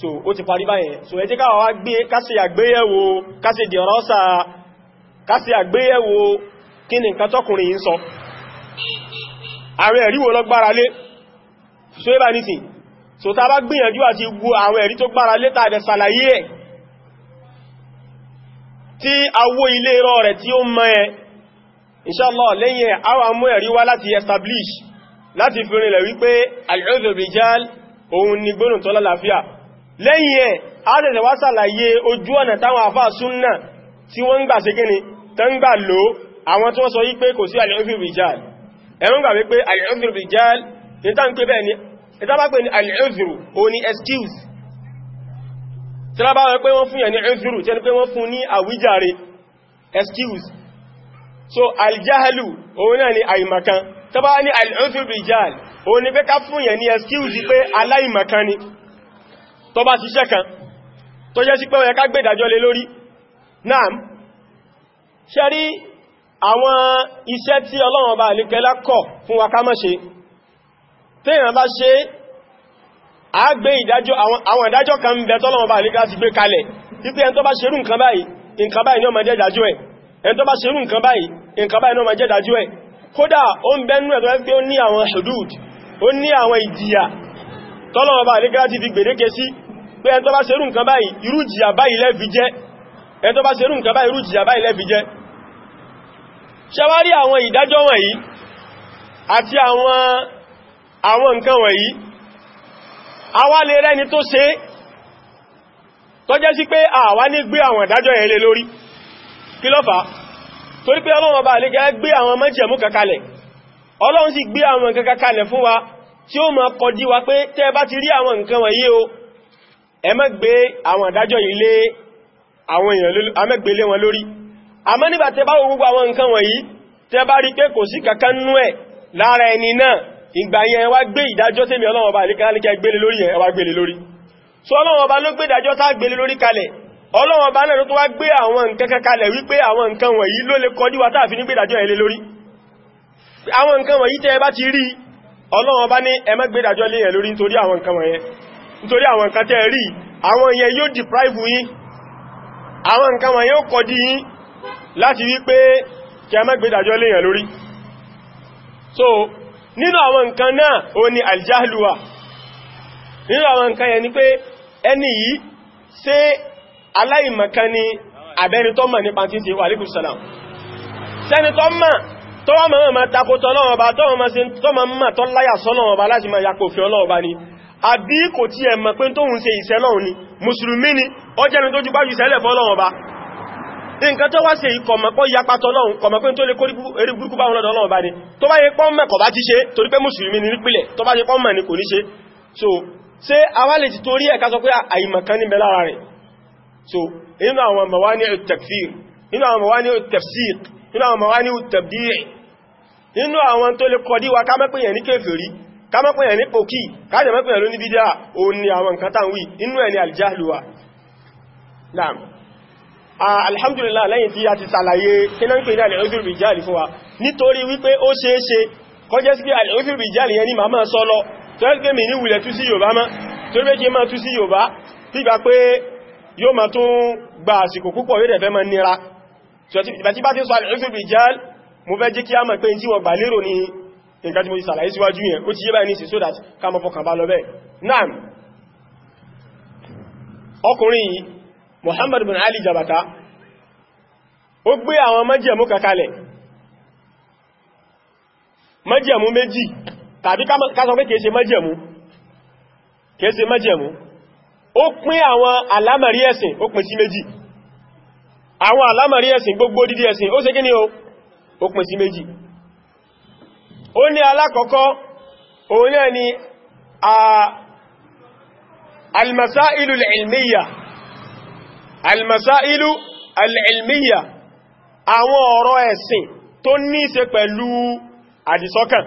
so ó ti parí báyẹn so ẹ jẹ́ ká wá gbé kásì àgbéyẹ̀wò kásì dìrọ́sà kásì àgbéyẹ̀wò kí ni nǹkan tọ́kùnrin yìí ń sọ àwọn ẹ̀rí wo gbára lé so ẹ bá nísìn so ta bá gbìyànjú àti gbọ́ àwọn ẹ̀rí tó gbára lé tàbí sàlàyé ẹ̀ tí awó ilé irọ́ rẹ̀ tí ó mọ́ ẹ inshallah lẹ́yìn àwọn mú ẹ̀rí wá ni gbónù tó lálàáfíà lẹ́yìn ẹ̀ àádẹ̀sẹ̀ wá sàlàyé ojú ọ̀nà táwọn àfá súnnà tí wọ́n ń gbà ṣe kíni tó ń gbà lò àwọn tí wọ́n sọ wípé kò sí al-udhr excuse tí a bá wọ́n pé wọ́n fún yà ní udhr tí a pé excuse so al-jahlu o náà ni àìmọ̀kan tó bá ní al-udhr rijal pé ká fún yà ní excuse pé aláìmọ̀kan ni tó bá ṣiṣẹ́ kan tó jẹ́ sí pé ó yẹ ká gbé ìdájọ́ lé lórí náà ṣe rí àwọn iṣẹ́ tí Ọlọ́run ọba àlékẹ́lá kọ̀ fún wa ká má ṣe téèyàn bá ṣe a gbé ìdájọ́ àwọn ìdájọ́ kan ń bẹ tọ́lọ́run ọba àlékẹ́lá ti gbé kalẹ̀ wípé ẹn tó bá ṣerú nǹkan ni ó máa bá ṣerú ni ó máa jẹ́ ìdájọ́ ẹ̀ kódà ó ti fi gbèdéke sí pé ẹn tó bá ṣerú nǹkan báyìí irú jìyà báyìí lẹ́ fi jẹ ẹn tó bá ṣerú nǹkan báyìí irú jìyà báyìí lẹ́ fi jẹ ṣẹwárí àwọn ìdájọ́ wọ̀nyí àti àwọn àwọn nǹkan wọ̀nyí àwa lè rẹ́ni tó ṣe tó jẹ́ sí pé àwa ní gbé àwọn ìdájọ́ yẹn lé lórí kí ló torí pé ọlọ́run ọba àlẹ́gẹ́ gbé àwọn májẹ̀mú kankalẹ̀ ọlọ́run sì gbé àwọn kankalẹ̀ fún wa tí ó máa kọjí wa pé tẹ́ bá ti rí àwọn nǹkan wọ̀nyí o ẹ má gbé àwọn àdájọ́ ilé àwọn èèyàn amẹ́gbélé wọn lórí àmọ́ nígbà tẹ bá wo gbogbo àwọn nǹkan wọ̀nyí tẹ bá rí pé kò sí kankan nú ẹ̀ lára ẹni náà ìgbà yẹn wá gbé ìdájọ́ tẹ́mi ọlọ́wọ́ so ọlọ́wọ́ bá ló gbé ìdájọ́ tá gbélé lórí kalẹ̀ ọlọ́wọ́ bá náà tó wá gbé àwọn nǹkan kankalẹ̀ wípé àwọn nǹkan wọ̀nyí ló lè kọjú wa táàfi ní gbé ìdájọ́ ẹ̀lẹ́ lórí àwọn nǹkan wọ̀nyí tẹ́ bá ti rí ọlọ́wọ́ ìdájọ́ lé ẹ̀ lórí nítorí àwọn nǹkan wọ̀nyẹn nítorí àwọn nǹkan tẹ́ rí àwọn yẹn yóò deprive yín àwọn nǹkan wọn yóò kọ́ dí yín láti wí pé kẹ mẹ́gbẹ̀dájọ́ léèyàn lórí so nínú àwọn nǹkan náà ó ní aljahluwa nínú àwọn nǹkan yẹn ni pé ẹni yìí ṣe aláìmọ̀kan ni àbẹ́ni tó mọ̀ nípa títí wà líkùn sàlám sẹ́ni tó mọ̀ tó wà mọ̀ mọ̀ takótọ́ náà ọba tó mọ̀ mọ̀ tó láyà sọ́nà ọba láti mọ̀ yàkòfin ọlọ́ọba ni àbí kò tí ẹ mọ̀ pé tóhun ṣe ìṣẹ́lọ́hun ni mùsùlùmí ni ó jẹ́ni tó jùpá jùsẹ́lẹ̀ fọ́lọ́wọ́n ba nǹkan tó wá ṣe ìkọ̀mọ̀pọ̀ yapatọ̀ lọ́hun kọ̀mọ̀pẹ́ tó lè kó rí burúkú báwọn lọ́dọ̀ Ọlọ́run bá ní tó bá yẹ pọ́ mẹ́ kọ̀ bá ti ni nípìlẹ̀ so ṣe awálè ti torí ẹ̀ká sọ pé àìmọ̀kan so inú àwọn mawani at-takfir inú àwọn mawani at-tafsiq inú àwọn mawani at-tabdi' tó lè kọ̀dí ká mẹ́pẹ̀yẹ̀ ní kéfèrí kama pe ni poki ka je ma pe lo ni bidia ó ní àwọn nǹkan tan wí inú ẹ̀ ni aljahlu wa naam ah alhamdulillah lẹ́yìn tí a ti ṣàlàyé kina npe ni al-udhur bi jali fún wa nítorí wí pé ó ṣeé ṣe kó jẹ́ pé al bi jali yẹn mama sọ lọ tó ke mi ni wule tu sí Yorùbá ma tó be je ma tu sí Yorùbá bí gbà pé yó ma tún gba àsìkò púpọ̀ yo de fẹ́ ma nira so ti ba ti ba ti sọ al-udhur bi jali mo fẹ́ jẹ́ kí a mọ̀ pé nti wo gba lérò ni nǹkan tí mo ti sàlàyé síwájú yẹn ó ti yé báyìí nísì so that ká mọ́ fọkàn bá lọ bẹ́ẹ̀ náà ọkùnrin yìí Muhammad bin Ali Jabata ó gbé àwọn májẹ̀mú kakalẹ̀ májẹ̀mú méjì tàbí ká sọ pé kèése májẹ̀mú kèése májẹ̀mú ó pín àwọn alámàrí ẹ̀sìn ó pín sí méjì àwọn alámàrí ẹ̀sìn gbogbo dídí ẹ̀sìn ó ṣe kí ni ó pín sí méjì ó ní alákọ̀ọ́kọ́ òun náà ni al-masailu al-ilmiya al-masailu al-ilmiya àwọn ọ̀rọ̀ ẹ̀sìn tó ní ṣe pẹ̀lú àdìsọ́kàn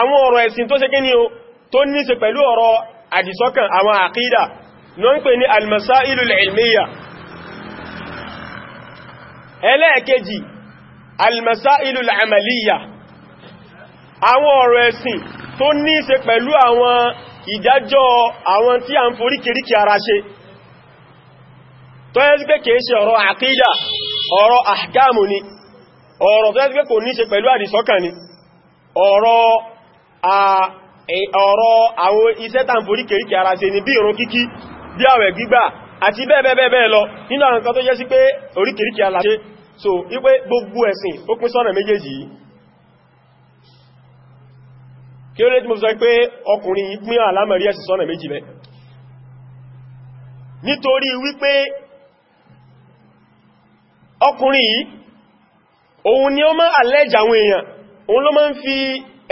àwọn ọ̀rọ̀ ẹ̀sìn tó ṣe kí ni o tó ní ṣe pẹ̀lú ọ̀rọ̀ àdìsọ́kàn àwọn àkídà ló ń pè ní al-masailu al-ilmiya ẹlẹ́ẹ̀kejì al-masailu àwọn ọ̀rọ̀ ẹ̀sìn tó ní ṣe pẹ̀lú àwọn ìdájọ́ àwọn tí a ń forí kìríkì ara ṣe tó yẹ́ sí pé kìí ṣe ọ̀rọ̀ àkídà ọ̀rọ̀ àkámù ni ọ̀rọ̀ tó yẹ́ sí pé kò ní ṣe pẹ̀lú àdìsọ́kàn ni ọ̀rọ̀ àwọn iṣẹ́ tá ń forí kìríkì ara ṣe so wípé gbogbo ẹ̀sìn ó pín sọ́nà kí ló lè tí mo sọ pé ọkùnrin yìí pín àlámẹ̀rí ẹ̀sìn sọ́nà méjì bẹ́ nítorí wípé ọkùnrin yìí òun ni ó má allege àwọn èèyàn òun ló má ń fi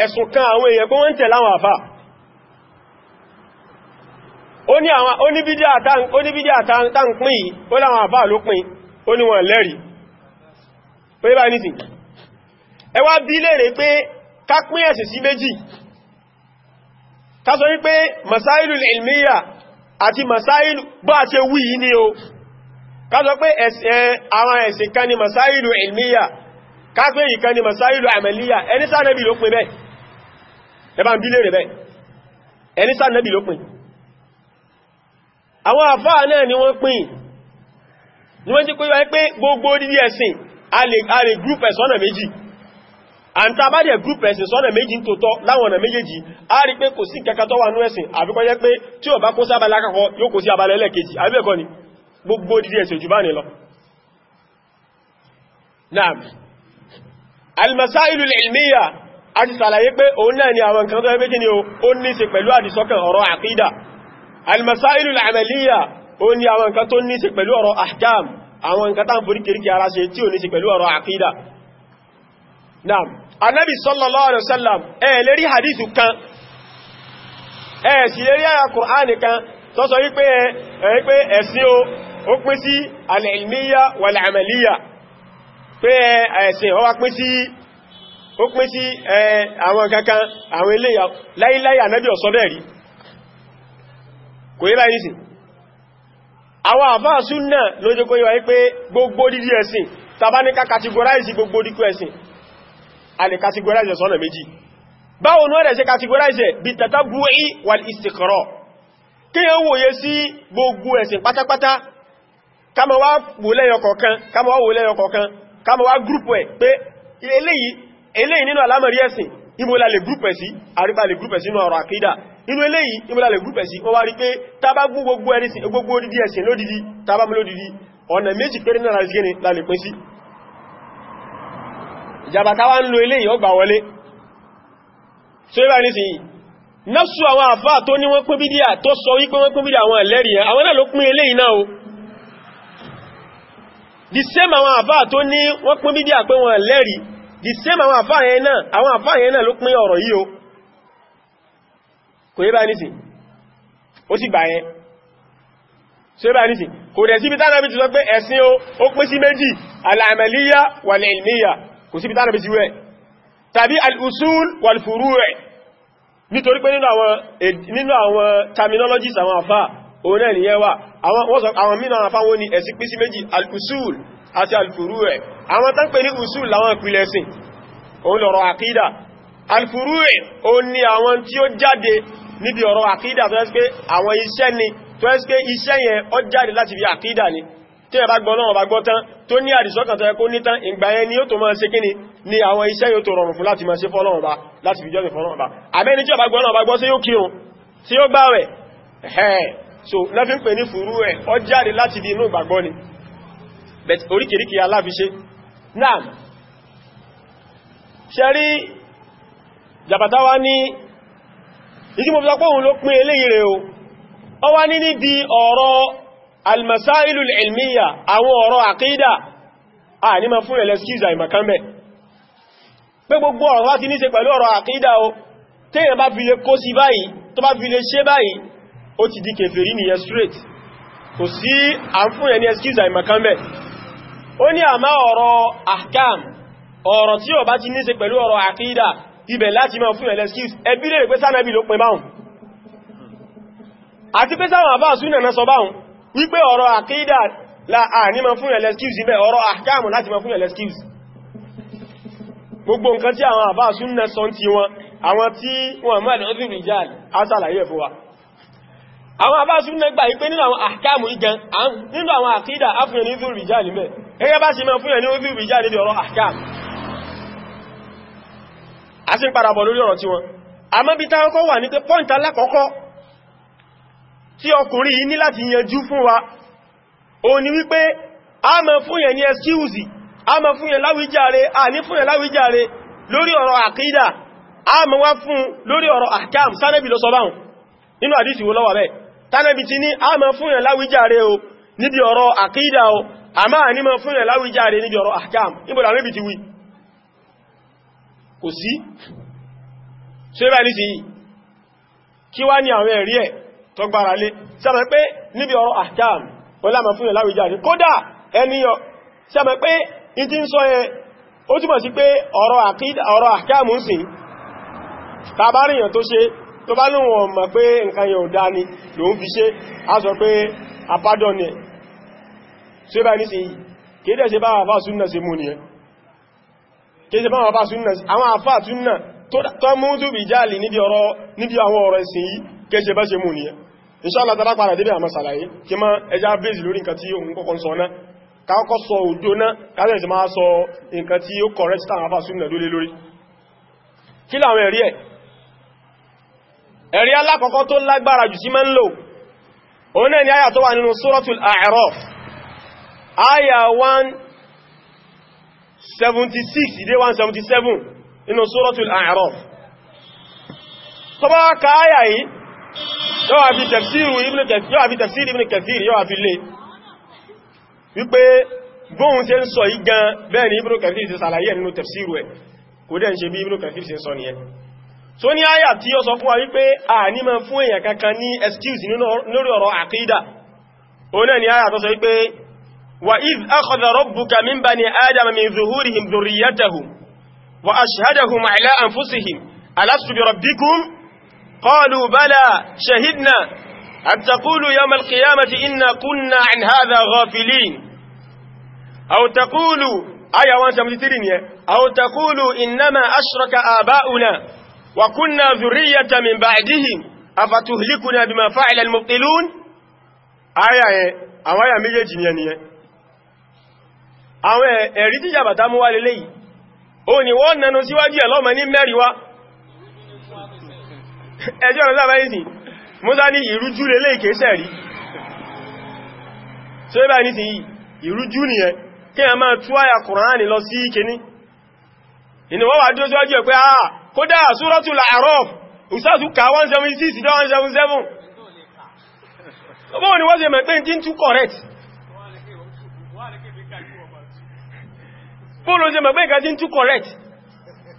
ẹ̀sùn kan àwọn èèyàn pé wọ́n ń tẹ̀lé àwọn àfà ó ní bídí àtàǹpín yìí ó láwọn àfà ló pín ó ní wọn lẹ́rìí pé bá ní sí ẹwà bí lèrè pé ká pín ẹ̀sìn sí méjì ká sọ wípé masáìlù ilmiya àti masáìlù bá ṣe wí ní o ká sọ pé àwọn ẹ̀sìn kan ni masáìlù ilmiya ká pé ìkan ni masáìlù amaliya ẹni sánẹ́bì ló pin bẹ́ ẹbá ń bí lèrè bẹ́ ẹni sánẹ́bì ló pin àwọn àfáà náà ni wọ́n pin ni wọ́n ti kó yíwa pé gbogbo dídí ẹ̀sìn a lè group ẹ̀sọ́nà àǹtàbádẹ̀ group ẹ̀sìn sọ́nà méjì ń tòótọ́ láwọn ọ̀nà méjèèjì a rí pé kò sí kẹka tó wà ní ẹ̀sìn àfikọ́ jẹ́ pé tí ó bá kó sí abala àkọ́kọ́ yóò kó sí abala ẹlẹ́kejì àbẹ́ẹ̀kọ́ ni gbogbo dídí ẹ̀sìn jù bá ní lọ naam almasailu ilmiya a ti sàlàyé pé òun náà ni àwọn nǹkan tó ẹgbẹ́ gini ó ní ṣe pẹ̀lú àdìsọ́kàn ọ̀rọ̀ àkídà almasailu al'amaliya ó ní àwọn nǹkan tó ní ṣe pẹ̀lú ọ̀rọ̀ ahkam àwọn nǹkan tán forí kìrìkì ara ṣe tí ó ní ṣe pẹ̀lú ọ̀rọ̀ àkídà naam anábì sallallahu alaihi wasallam ẹ̀ leri hadithu kan ẹ̀ sì leri àyà Kùránì kan tó sọ wípé ẹ̀sìn o ó pín sí al-ilmiyya wal-amaliyya pé ẹ̀sìn ó pín sí ó pín sí àwọn kankan àwọn ilé láíláí anábì ọ̀sọ́ gbogbo a lè categorize sọ́nà méjì báwo ní ọ̀rẹ̀ ṣe categorize bí tatabu'i wal istiqra kí yẹn wòye sí gbogbo ẹ̀sìn pátápátá kama wá wò lẹ́yọ kọ̀ọ̀kan kama wá wò lẹ́yọ kọ̀ọ̀kan kama wá gúrùpù ẹ̀ pé eléyìí eléyìí nínú alámọ̀rí ẹ̀sìn ìmúlà lè gúrùpù ẹ̀ sí àrípa lè gúrùpù ẹ̀ sínú ọ̀rọ̀ àkídà inú eléyìí ìmúlà lè gúrùpù ẹ̀ sí wọ́n wá rí pé tábá gbogbo odidi ẹ̀sìn lódidi tábá ọ̀nà méjì péré náà lálẹ́ pín sí jàbàtà wá ń lo eléyìí ó gbà wọlé so ibà ní sí nafsu àwọn àfá tó ní wọ́n pín bídíà tó sọ wípé wọ́n pín bídíà àwọn ẹlẹ́rìí àwọn náà ló pín eléyìí náà o the same àwọn àfá tó ní wọ́n pín bídíà pé wọ́n ẹlẹ́rìí the same àwọn àfá yẹn náà àwọn àfá yẹn náà ló pín ọ̀rọ̀ yìí o kò yíba ní sí ó sì gbà yẹn so yíba ní sí kò dẹ̀ síbi tánàbí ti sọ pé ẹ̀sìn o ó pín sí méjì al-amaliyya wal-ilmiyya kò sí bitánà bí ti rẹ̀ tàbí al'usul wal-furu rẹ̀ nítorí pé nínú àwọn terminologies àwọn àfá òun ẹni yẹ wà àwọn mínú àwọn afáwọn ní ẹ̀sí pín sí méjì al'usul àti al-furu rẹ̀ àwọn tán pè ní usul láwọn ìpìlẹ̀ ẹ̀sìn òun lọ̀rọ̀ àkídà al-furu rẹ̀ òun ni àwọn tí ó jáde níbi ọ̀rọ̀ àkídà tó ẹ́sì pé àwọn iṣẹ́ ni tó ẹ́sì pé iṣẹ́ yẹn ó jáde láti fi àkídà ni tí ẹ bá gbọ́ náà bá gbọ́ tán tó ní àdìsọ́kàn tó yẹ kó nítán ìgbà yẹn ni ó tó máa ṣe kí ni ni àwọn iṣẹ́ yóò tó rọrùn fún láti máa ṣe fọ́lọ́run bá láti fi jọ́sìn fọ́lọ́run bá àbẹ́ni tí ó bá gbọ́ náà bá gbọ́ sí yóò kírun tí ó gbà rẹ̀ ẹ̀ẹ́ so lẹ́fí ń pè ní fùrú ẹ̀ di inú almasailu ilmiya àwọn ọ̀rọ̀ àkídà a ní ma fún ẹ̀lẹ́ skiza ìmọ̀kánbẹ̀ pé gbogbo ọ̀rọ̀ láti ní ṣe pẹ̀lú ọ̀rọ̀ àkídà o téèyàn bá fi lè kó sí báyìí tó bá fi lè ṣe báyìí ó ti di kèfèrí nìyẹn straight kò sí à ń fún ẹni skiza ìmọ̀kánbẹ̀ ó ní àmá ọ̀rọ̀ ahkam ọ̀rọ̀ tí ó bá ti ní ṣe pẹ̀lú ọ̀rọ̀ àkídà ibẹ̀ láti máa fún ẹ̀lẹ́ skiz ẹbí lè pẹ́ sánẹ́bì ló pin báhùn àti pé sáwọn àbá súnà náà sọ báhùn wípé ọ̀rọ̀ àkídà láàrin ma fún ẹlẹ́skíwsì bẹ́ ọ̀rọ̀ àkáàmù láti ma fún ẹlẹ́skíwsì gbogbo nǹkan tí àwọn àbá súnnà sọ tí wọn àwọn tí wọn mọ́ ẹ̀lọ́dún rijal asàlàyé fún wa àwọn àbá súnnà gbà wípé nínú àwọn àkáàmù igan nínú àwọn àkídà afúnyẹ ní ìdúrù rijal mẹ́ gẹ́gẹ́ bá sì ma fún ẹ̀ ní ìdúrù rijal ní ọ̀rọ̀ àkáàmù a sì ń padà bọ̀ lórí ọ̀rọ̀ tí wọn àmọ́ bí táwọn kọ́ wà ní pé pọ́ǹtà lákọ̀ọ́kọ́ tí ọkùnrin yìí ní láti yanjú fún wa o ni wípé a mọ̀ fún yẹn ní ẹskíùsì a mọ̀ fún yẹn láwíjáre a ní fún yẹn láwíjáre lórí ọ̀rọ̀ àkídà a mọ̀ wá fún lórí ọ̀rọ̀ àkàm sánẹ́bì lọ sọ́báhùn nínú àdísì wo lọ́wọ́ bẹ́ẹ̀ tánẹ́bì ti ní a mọ̀ fún yẹn láwíjáre o níbi ọ̀rọ̀ àkídà o a kí wá ní àwọn ẹ̀rí ẹ̀ tó gbára lé sẹ́mọ̀ pé níbi ọ̀rọ̀ ahkam wọ́n lámọ̀ fún ìlàwìjá ní kódà ẹniyàn sẹ́mọ̀ pé in ti ń sọ yẹn ó túnmọ̀ sí pé ọ̀rọ̀ àkídà ọ̀rọ̀ ahkam ń sìn tàbárìyàn tó ṣe tó bá lóhun ọmọ pé nǹkan yẹn ò dá ni lòun fi ṣe a sọ ni ẹ̀ bá ṣe mú ni ẹ kéde bá àfà inshallah tara padà débẹ̀ àmà sàlàyé kí má ẹjá bèèzì lórí nǹkan tí òun kọ́kọ́ sọ náà káàkọ́ sọ òjò náà káàkọ́ sì máa sọ nǹkan tí ó correct tàwọn afá súnmọ̀ lólé lórí kí láwọn ẹ̀rí ẹ̀ ẹ̀rí alákọ̀ọ́kọ́ tó lágbára jù sí mẹ́ ń lò òun náà ni àyà tó wà nínú suratul yóò àfi tafsiru ibn kathir yóò àfi tafsir ibn kathir yóò àfi lè wípé bóhun ṣe ń sọ yí gan bẹ́ẹ̀ ni ibn kathir ṣe sàlàyé nínú tafsiru ẹ̀ kò dẹ̀ ń ṣe bí ibn kathir ṣe sọ nìyẹn so ní àyà tí ó sọ fún wa wípé a ní máa fún èèyàn kankan ní excuse lórí ọ̀rọ̀ àkídà o قالوا بلى شهدنا أن تقول يوم القيامة إنا كنا عن هذا غافلين أو تقول أي وانت متترين أو تقول إنما أشرك آباؤنا وكنا ذرية من بعدهم أفتهلكنا بما فعل المبطلون أي أو أي ميجي يعني أو أريد جابتا موالي لي أو ني وانا نسيواجي اللهم نمري ẹjọ́ ọ̀rọ̀ sábà ìsìn Musa ní ìrújú lè lè kéṣẹ̀ rí so ibà ní sí ìrújú nìyẹn kí a máa tú àyà Kùránì lọ sí kìíní inú wọ́n wà dúró síwájú ẹ̀ pé a kódà Suratul A'raf ìsáàtù ká 176 dá 177 ọgbọ́n ni wọ́n ṣe mẹ́pẹ́ tí ń tú correct bóòlù ṣe mẹ́pẹ́ ìkà tí ń tú correct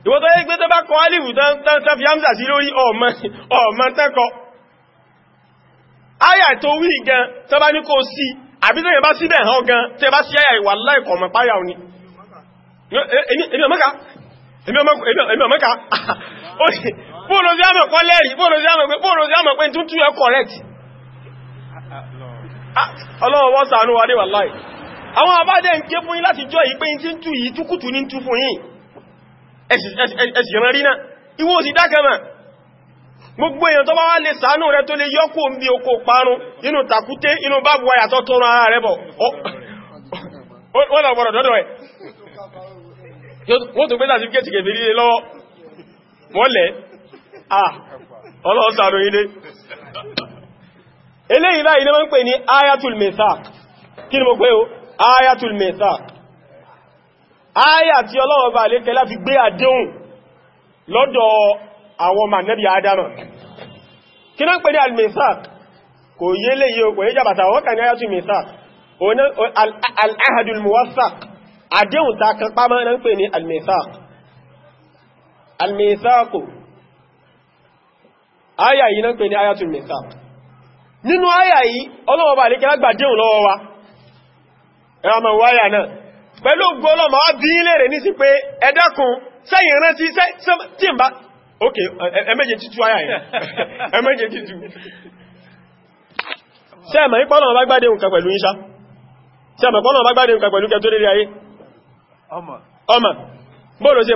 ìwọ́n tó yẹ́ pé tó bá kọ alìwù tán fi lórí ọmọ tẹ́kọ ayà tó wí gan ní kó sí àbí bá hàn gan sí ayà ìwà ọmọ páyà òní ẹ̀sì yẹmọ rí náà ìwọ òsì dákẹ́mà gbogbo èèyàn tó bá wá lè sàánú rẹ tó lè yọ́kù ń bí okò parun inú tàkúté inú bábu wáyà tó tọrọ ara rẹ bọ̀ wọ́n lọ̀gbọ̀rọ̀ dọ́dọ̀ ẹ̀ wọ́n tó gbé láti gẹ́ẹ̀tì ah ọlọ́ọ̀sàrò ilé eléyìí báyìí ló máa ń pè ní ayatul mithaq kí o ayatul mithaq áyà tí ọlọ́wọ́ bá lè kẹlá fi gbé àdéhùn lọ́dọ̀ àwọn ọmọ ànẹ́bì adama kí náà pẹ̀lú al-mithaq kò yé lè yíò kò yé jàbàtà wọ́n kà ní ayatù mithaq al-ahadul muwaththaq àdéhùn ta kan pàmọ́ náà pè ní al-mithaq al-mithaq áyà yìí náà pè ní ayatù mithaq nínú áyà yìí ọlọ́wọ́ bá lè kẹlá gbàdéhùn lọ́wọ́ wa ẹwà mọ̀ wáyà náà pẹ̀lú gbọ́lọ́mà wá bí lèrè ní sí pé ẹ̀dàkùn sẹ́yìn rántí tí ń bá ok ẹmẹ́jẹ títú ayà yìí ẹmẹ́jẹ títú sẹ́ẹ̀mà ìpọ́nà bá gbádé nǹkan pẹ̀lú iṣá sẹ́ẹ̀mà ìpọ́nà bá gbádé nǹkan pẹ̀lú kẹ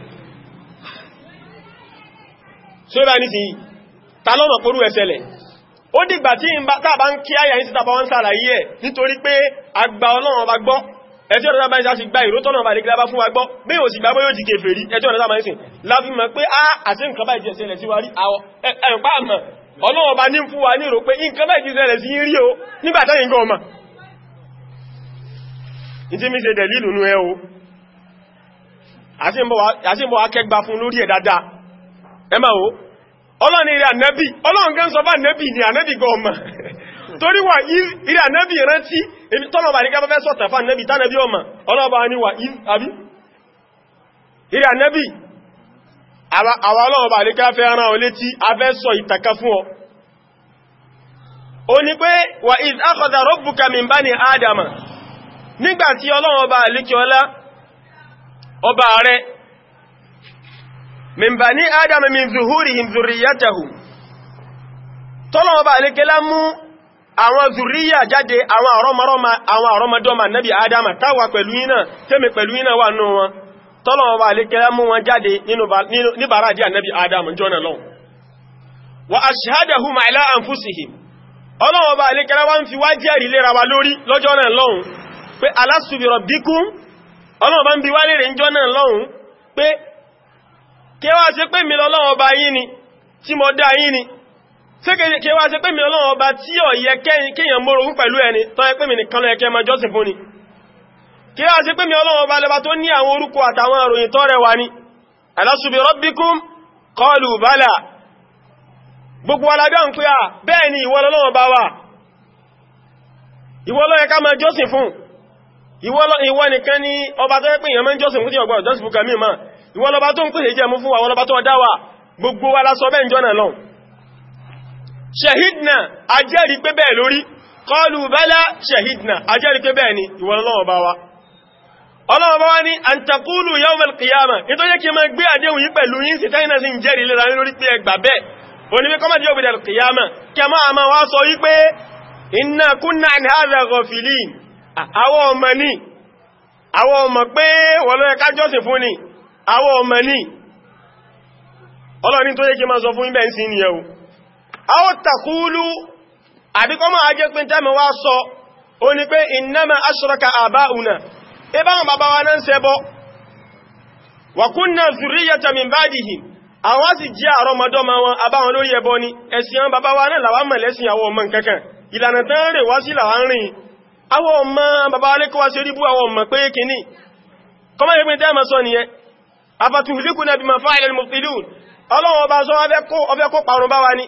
ṣóra ní sí tàlọ́nà pẹ̀lú ẹsẹ̀lẹ̀ ó dìgbà tí tàbá ń kí àyà ìsìta bá wọ́n sàlàyé ẹ̀ nítorí pé àgbà ọlọ́run bá gbọ́ ẹjọ́ ọ̀dọ́ta bá ìsá sí gba ìró tọ́nà bá nígbà bá fún wa gbọ́ bí ò sì gbà bóyó a àti ah, nǹkan bá ìjẹsẹ̀ rẹ̀ sí wa rí ẹ̀pá àmà o nígbà táyìn gan ọmọ ìtí mi o àti ń bọ̀ akẹgbà fún lórí ẹ̀ dáadáa ẹmà wo ọlọ́ni ilẹ̀ ànẹ́bì ọlọ́run gẹ́ ń sọ bá ni ànẹ́bì gan ọmọ <laughs> torí wà ilẹ̀ ànẹ́bì rántí èmi tọ́lọ̀bà ní káfẹ́fẹ́ sọ̀tà fà ànẹ́bì tánẹ́bì ọmọ ọlọ́ba wà ní káfẹ́ ọ o min bani adam min zuhurihim zurriyatahum tọ́lọ́wọ́ bá alékẹ́lá mú àwọn zuriya jáde àwọn àrọ́mọdọ́mà nabi adam táwà pẹ̀lú iná pẹ̀lú iná wà wọn mú jáde níbàrá nabi adam jọ́nà lọ wa ashhadahum ala anfusihim ọlọ́wọ́ bá alékẹ́lá wa kẹwàá ṣe pé mi lọ́lọ́wọ́ bá yín ni tí mo dá yín ni kẹwàá ṣe pé mi lọ́lọ́wọ́ bá tí ó yẹ kéèyàn mórogún pẹ̀lú ẹni tó yẹ pé mi nìkan lọ́yẹ kẹma jọ́sìn fún ni kẹwàá ṣe pé mi lọ́lọ́wọ́ bá lẹba ní àwọn orúkọ bala gbogbo aládáhùn pé à bẹ́ẹ̀ ni ìwọ lọ́lọ́wọ́ bá wà ìwọ lọ́yẹ ká máa jọ́sìn fún ìwọ nìkan ni ọba tó yẹ pé èèyàn ìwọ́lọba tó ń pè jẹ́ mú fún àwọlọba tó dáwà gbogbo wa lásọ bẹ́ ìjọ náà lọ́n ṣehidna ajẹ́rí pé bẹ́ẹ̀ lórí kọlù bẹ́lá ṣehidna ajẹ́rí pé bẹ́ẹ̀ ni ìwọ́lọ́wọ́ba wa ọlọ́wọ́ba wa ni antakulu yawmal qiyama nítorí yẹ́ kí ma gbé àdéhùn yí pẹ̀lú yí sí tẹ́yìnà sí ìjẹ́rí lera lórí pé ẹgbà bẹ́ẹ̀ àwọn ọmọ ní àwọn ọmọ pé wọ́lọ́ẹ̀ká jọ́sìn fún ni àwọn ọmọ ní ọlọ́ni tó yẹ kí máa sọ fún ibẹ̀ sí nìyẹn a ó takúlú àbíkọ́ máa jẹ́ pín tẹ́mẹ̀ wá sọ o ní pé una. ashraka aba'una ibá wọn bàbá wa náà ń ṣẹbọ wa àwọn wọn ni Esi an babawa na ọmọ kankan bàbá sí bú àwọn ọmọ pé kìíní kọmọ́ sọ nìyẹn afatuhlikuna bima fa'ala al-mubtilun ọlọ́wọ́ bá sọ ọfẹ́ kó parun bá wa ní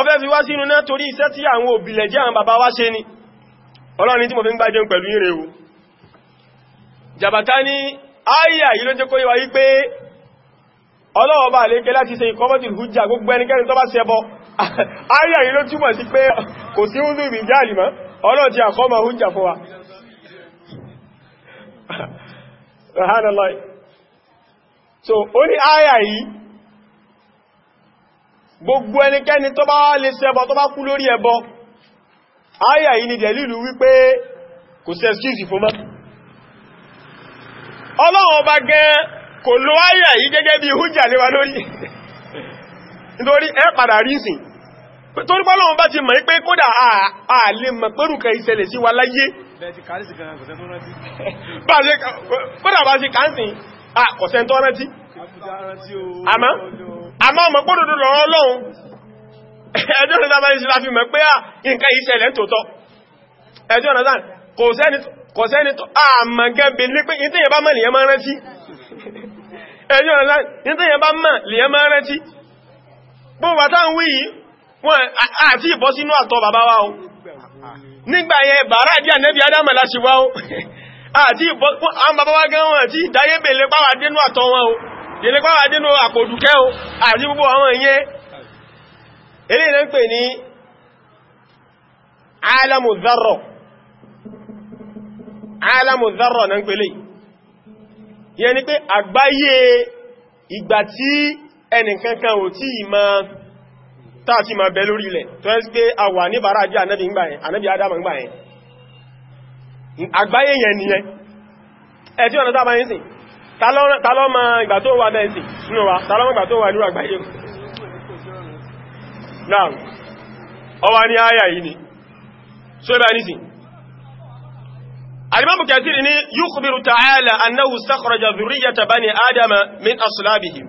ọfẹ́ fi wá sínú náà torí iṣẹ́ tí àwọn òbílẹ̀ jẹ́ àwọn bàbá wá ṣe ní ọlọ́rin tí mo fi ń gbájẹun pẹ̀lú ire o jàbàtá ní ayà yìí ló jẹ́ kó yíwa wípé ọlọ́wọ́ bá lè gẹ́ láti ṣe ìkọ́mọ́tì hujja gbogbo <laughs> <laughs> so ó ní yìí gbogbo ẹnikẹ́ni tó bá lè ṣẹbọ tó bá kú lórí ẹbọ àyà yìí ni dẹ̀lìlú wípé kò sí ẹ̀skìsì fún mọ́ ọlọ́run ọba gan kò lo àyà yìí gẹ́gẹ́ bí hújà lé wa lórí <laughs> nítorí ẹ padà rí sìn torí bá ti mọ̀ pé kódà mọ̀ ìṣẹ̀lẹ̀ sí wa láyé Bẹ́ẹ̀ ti kàrí sí, <laughs> àkọ̀sẹ̀ ah, tó rántí àmọ́ ọmọ gbọ́dọ̀dọ̀ lọ́rọ̀ ọlọ́run ẹjọ́ rẹ̀ dábáyé sí láfi mọ̀ pé à ah, nǹkan ìṣẹ̀lẹ̀ tòótọ́ ẹjọ́ rẹ̀ dábáyé kò sẹ́ni tó àmà ah, gẹ́bẹ̀ ní pé ìtẹ́yẹ bá mọ̀ lèyẹ máa rántí ẹjọ́ rẹ̀ dábáyé ìtẹ́yẹ bá mọ̀ lèyẹ máa rántí bó bá tán wí yìí wọ́n àti àwọn bàbá wa gan wọn tí ìdáyé bèèrè pàwà dénú àtọ́ wọn o dèlè pàwà dénú àpòdùkẹ́ o àti gbogbo àwọn ìyẹn ilé ilẹ̀ ń pè ní alamuzarro alamuzarro na ń pè yẹ ni pé àgbáyé ìgbà tí ẹnìkankan ò tí ìmá táà ma bẹ lórí ilẹ̀ tó ẹ́ sí pé a wà ní bàrá àjẹ́ ànábì ń ń gbà yẹn àgbáyé yẹn nìyẹn ẹ̀tí ọ̀nà tàbí ẹ̀sìn tàlọ́mà ìgbà tó wà bẹ́ẹ̀sì nínú wa tàlọ́mà ìgbà tó wà nínú àgbáyé náà ọwà ní àyà yìí ni ṣe bá nìsìn alimamu kẹsìrì ní yukhbiru ta'ala annahu istakhraja dhurriyyata bani adama min aslabihim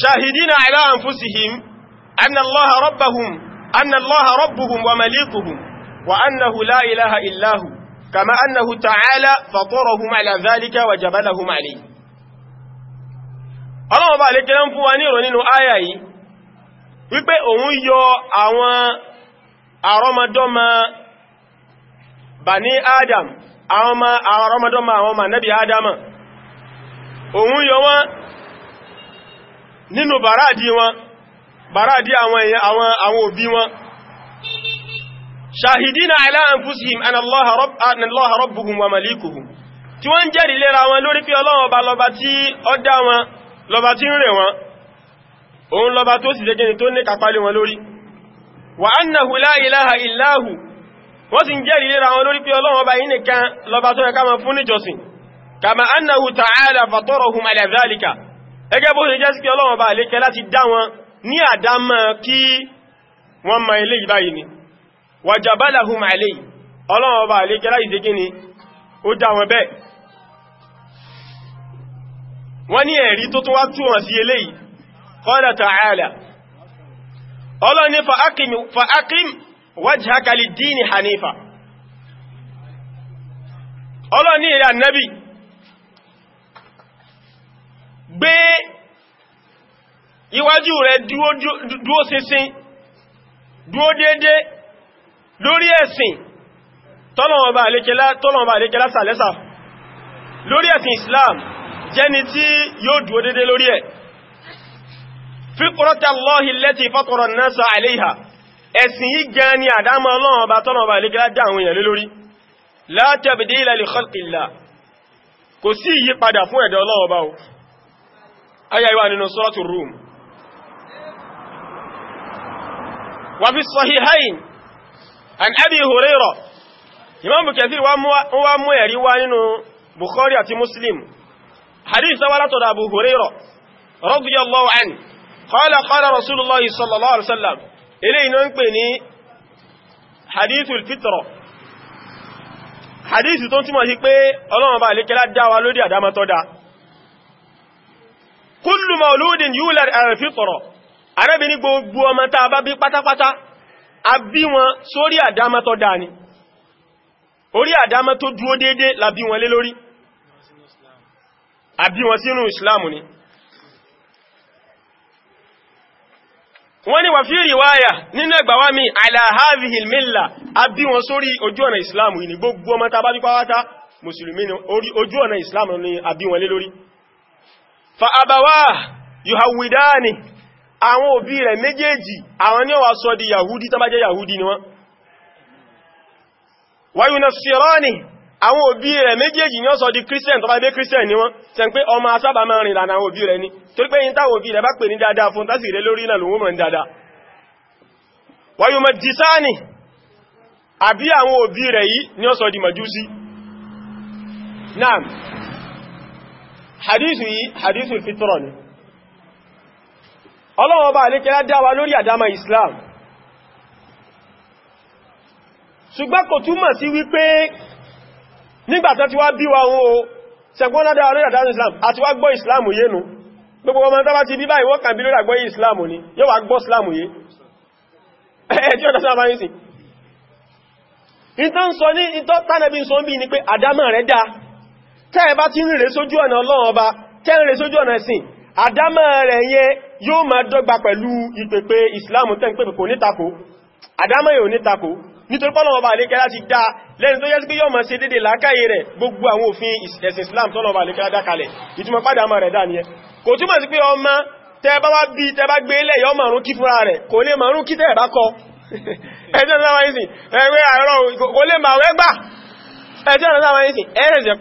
shahidina ala anfusihim anna allaha وأنه لا إله إلا هو كما أنه تعالى فطرهم على ذلك وجبلهم عليه ọlọ́wọ́ bá lè kí lọ́n fún wa ní ìrò nínú àyà yìí wípé òun yọ àwọn àrọmọdọ́mọ bani adam àwọn ọmọ àrọmọdọ́mọ àwọn ọmọ nẹ́bí adama òun yọ wọ́n nínú bàrádì wọn bàrádì àwọn òbí wọn ṣàhìdínà ala anfusihim an Allah rabbuhum wa malikuhum tí wọ́n jẹ́rìí lera wọn lórí pé Ọlọ́run ọba lọba tí ó dá wọn lọba tí ń rẹ̀ wọn òun lọba tó sì lẹ́gẹ́ni tó ní kàpálẹ̀ wọn lórí wa annahu la ilaha illa hu wọ́n sì ń jẹ́rìí lera wọn lórí pé Ọlọ́run ọba yìí nìkan lọba tó yẹ ká fún níjọsìn kama annahu ta'ala fatarahum ala dhalika ẹgẹ́ bó ṣe jẹ́ sí pé Ọlọ́run láti dá wọn ní àdámọ́ kí wọ́n ma ilé ìbáyìí ni wàjàbálàhùn àlè ọlọ́run ọba àlè kẹ́lá ni ó dá wọn bẹ́ẹ̀ wọ́n ní ẹ̀rí tó tún wá tú sí eléyìí qala ta'ala ní fa'akim dini hanifa ọlọ́run ní ìrẹ́ annabi gbé iwájú rẹ̀ dúó lórí ẹ̀sìn tọ́lọ̀wọ̀ba àlékẹ́lá sàlẹ́sà lórí ẹ̀sìn islam jẹni tí yóò dúó dédé lórí ẹ̀ fíkúrọ́tà lọ́hì lẹ́tì fọ́kọ̀rọ̀ nẹ́sà àléhà ẹ̀sìn yí gan ni àdámọ́ ọlọ́wọ̀ba tọ́lọ̀wọ̀ba àlékẹ́lá dá àwọn èèyàn lé lórí la tabdila li khalqillah kò sí an abi hurairah imam bukathir wa mú ẹ̀rí wá nínú bukhari àti muslim hadith wá látọ̀dọ̀ abu hurairah radiyallahu anhu qala qala rasulullah sallallahu alaihi wasallam eléyìí náà ń pè ní hadithul fitra hadith tó túnmọ̀ sí pé ọlọ́run bá lékẹ́lá dáwà lórí àdámọ́tọ́ dá kullu mauludin yulad ala fitra arábìnrin gbogbo ọmọ tá a bá bí a bí wọn sórí àdámọ́ tó dáa ni orí àdámọ́ tó dúó déédé la bí wọn lé lórí a bí wọn sínú ìsìláàmù ni wọ́n ní wà fí ríwáyà nínú ẹgbàwá mi ala hadhihi al-milla a bí wọn sórí ojú ọ̀nà ìsìláàmù ni gbogbo ọmọ bá bí musulmi ni ojú ọ̀nà ìsìláàmù ni a wọn lé lórí fa àbáwá yuhawidani àwọn òbí rẹ̀ méjèèjì àwọn ní ọwà sọ di yahudi tó bá jẹ́ yahudi ni wọ́n wáyú na sírọ́nì àwọn òbí rẹ̀ méjèèjì ní ọsọ di christian tó bá jẹ́ christian ni wọ́n tẹ́ pé ọmọ asábà máa àwọn òbí ni torí pé yínta òbí rẹ̀ bá pè ní dáadáa fún tásì rẹ̀ lórí náà lòun mọ̀ ní dáadáa wáyú ma jìsáàni àbí àwọn òbí rẹ̀ ọlọ́wọ́ bá alékẹ́lá dáwà lórí àdámà islam ṣùgbọ́n kò túmọ̀ sí wípé nígbàtán tí wá bí wa wọn o ṣẹ̀gbọ́n ládáwà lórí àdámà islam àti wá gbọ́ islam yénu gbogbo ọmọ tàbá ti bí báyìí wọ́n kàn bí lórí àgbọ́ islam ni yóò islam yé ẹjọ́ ọ̀dá sáà báyìí sí ìtàn sọ ní ìtọ́ tánàbí sọ bí ní pé àdámà rẹ̀ dá tẹ́ẹ̀ bá ti ń rèé sójú yóò máa dọ́gba pẹ̀lú ìpèpè ìsìláàmù tẹ́ ń pèpè kò nítako àdámọ́ yóò nítako nítorí pọ́lọ̀wọ̀bà àlékẹ́lá ti dá lẹ́ni tó yẹ́ pé yọ́ mọ̀ sí dédé làákàyè rẹ̀ gbogbo àwọn òfin ẹ̀sìn Islam tọ́lọ̀wọ̀bà àlékẹ́lá dákalẹ̀ ìtumọ̀ padà mọ̀ rẹ̀ dáníẹ kò túmọ̀ sí pé ọmọ tẹ́ bá wá bí tẹ́ bá gbé e lẹ̀ yọ́ mọ̀rún kí fúnra rẹ̀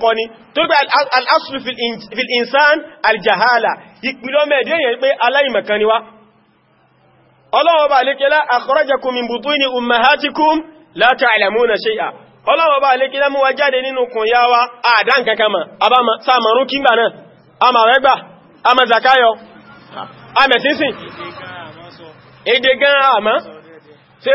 kò <laughs> tó gbé al'asùlù fil insan aljahala ìpìlọ́mẹ̀ díẹ̀ yẹn pé aláìmọ̀kan ni wá Ọlọ́hun bá lékelá akhrajakum min butuni ummahatikum la ta'lamuna shay'a Ọlọ́hun bá lékelá mú wa jáde nínú kùn yá wa àdán kankama abáma sàmàrún kí gbàná àmà rẹ́gbà àmà zakayo àmẹ̀sínsìn èdè gan àmà tí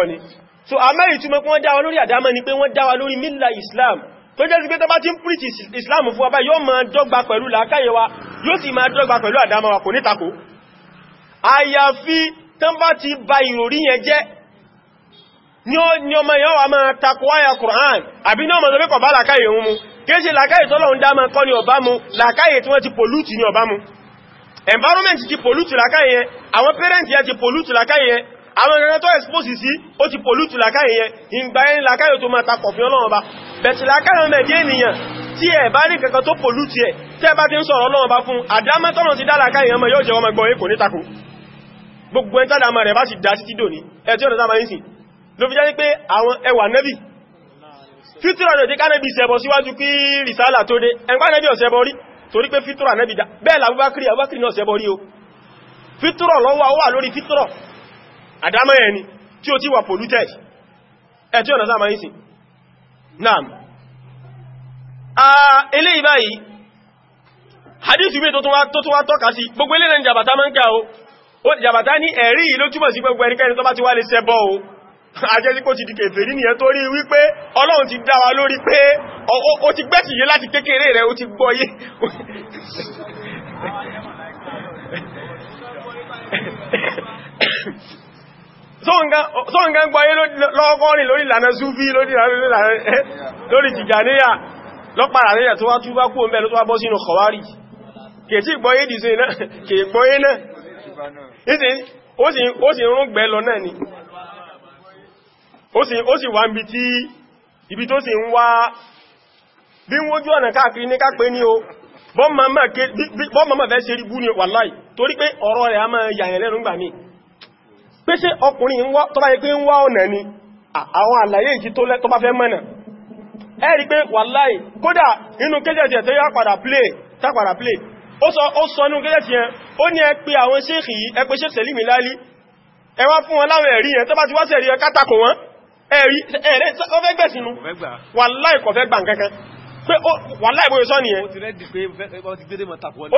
ó so àmẹ́ ìtumọ̀ pé wọ́n dáwà lórí àdámọ́ ni pé wọ́n dáwà lórí mílà islam tó jẹ́ sí pé tó bá ń pìrìtì islam fún wa bá yóò máa dọ́gba pẹ̀lú làákàyè wa yóò sì máa dọ́gba pẹ̀lú àdámọ́ wa kò ní tako àyàfi ba ìròrí yẹn ni ọmọ yẹn wà máa Qur'an àbí ní ọmọ sọpẹ́kọ̀ bá làákàyè wọn mu kéèṣe làákàyè tọ́lọ́run dá máa kọ́ ni ọba mu làákàyè tí wọ́n ti pollute environment ti pollute làákàyè àwọn parents yẹn ti pollute làákàyè àwọn ẹ̀rẹ́ tó expose sí ó ti pollute làkáyè yẹn ìgbà ẹni làkáyè tó máa takọ̀ fi ọlọ́run ọba bẹ̀tì làkáyè mẹ́dí ènìyàn tí ẹ̀ bá ní kankan tó pollute ẹ̀ tẹ́ bá ti ń sọ̀rọ̀ ọlọ́run ọba fún àdámẹ́tọ́nà ti dá làkáyè yẹn mọ́ yóò jẹ́ ọmọ ẹgbọ́n èkó ní takò gbogbo ẹn tádàmà rẹ̀ bá sì dá títí dò ní ẹ̀tí ọ̀nà sáà máa ń sìn ló fi jẹ́ pé àwọn ẹwà nẹ́bì fítúrà lòdí kánẹ́bì ṣẹbọ síwájú kí rìsálà lọ́wọ́ wà lórí fítúrà àdámọ́ ẹni tí ó ti wà polluted ẹ̀ tí ọ̀nà sáàmà ìsìn náà a ilé ìbáyìí hadithu mi tó tún wá tọ́ka sí gbogbo ilé náà jàbàtà mọ́ ń ká o jàbàtà ní ẹ̀rí ló túnmọ̀ sí gbogbo ẹnikẹ́ni tó bá ti wá lè ṣẹbọ o <laughs> o ti gbẹ́sì yé láti o ti <laughs> sọ́ǹgá ń gbáyé lọ́gọ́rin lórí ìlànà súfí lórí eh, tìjàníyà lọ́pàá àríyà tó wá túbá kú ọmọ ẹ̀lú tó wá bọ́ sínú kọwárí kètí gbọ́yé dìse náà kèé gbọ́yé náà ó sì rún gbẹ́ lọ náà ni ó sì wá níbi tí ibi tó sì ń wá bí wọ́n jú ọ̀nà mama fẹ́ ṣe rí bú ni wàláì torí pé ọ̀rọ̀ rẹ̀ a máa yàyàn lẹ́nu gbà míì pé ṣe ọkùnrin tó bá yẹ pé ń wá ọ̀nà ni àwọn àlàyé ìjí tó lẹ́ tó bá fẹ́ mẹ́nà ẹ̀rí pé wàláì kódà inú kéjẹ̀jẹ̀ tó yá padà play tápàdà play ó sọ inú kéjẹ̀jẹ̀ yẹn ó ní ẹ pé àwọn ṣéèkì yìí ẹ pé ṣéèkì Sẹ̀límì Láàlì ẹ wá fún wọn láwọn ti wá sẹ̀rí ẹ kátàkù wọn pé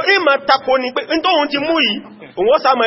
ní ma tako ni pé ní tóhun ti mú yìí òun ó sá ma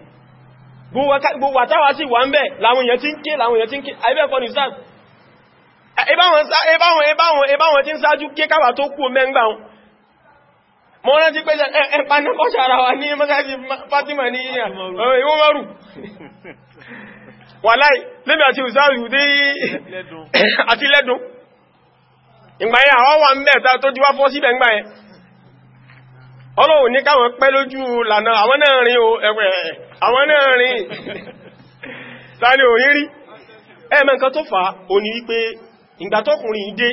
gbogbo àtàwà sí wà ń bẹ̀ láwọn èèyàn tí ń ké láwọn èèyàn tí ń ké àìbẹ́ẹ̀kọ́ ní sáà ẹbáwọn tí ń sáájú ké káwà tó kú mẹ́ngbà wọn mọ́ rántí pé ẹ̀pánákọ́ṣà ara wa ní mọ́sáàjì Fatima ní ìwọ́n márù <coughs> wà láì lẹ́bẹ̀ àti ìsáàrù ọlọ́run ní káwọn pẹ́ lójú lànà àwọn náà rìn o ẹ̀wẹ̀ àwọn náà rìn tàbí òyìn rí ẹ̀mẹ́ nǹkan tó fà ó ní wípé ìgbàtọ́kùnrin ìdé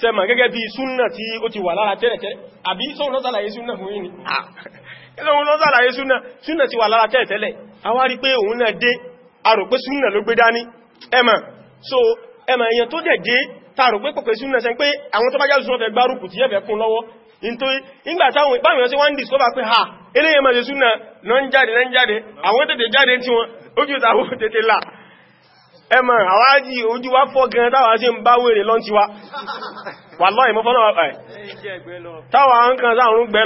sẹ́mà gẹ́gẹ́ bí súnnà tí ó ti wà lára tẹ́lẹ̀tẹ́lẹ̀ àbí sóhun lọ́sàlàyé súnnà fún yìí ni ẹ̀sọ́hun lọ́sàlàyé súnnà súnnà ti wà lára tẹ́lẹ̀tẹ́lẹ̀ a wá rí pé òun náà dé a so ẹ̀mà èèyàn tó dẹ̀ dé ta rò pé pọ̀pẹ̀ súnnà sẹ́ pé àwọn tó nítorí ìgbàtàwọn ìpáwọn sí wọ́n ń discover pé ha eléyẹ mọ̀ jésù náà lọ ń jáde lọ́n jáde àwọn tètè jáde tí wọ́n ojú ìtàwọ́ tètè là ẹmọ̀ àwájí ojú wá fọ́ gan táwà sí ń bá wèrè lọ́n ti wá wà lọ́ ìmọ́fọ́nà ẹ̀ táwà ń kan sáàrùn gbẹ́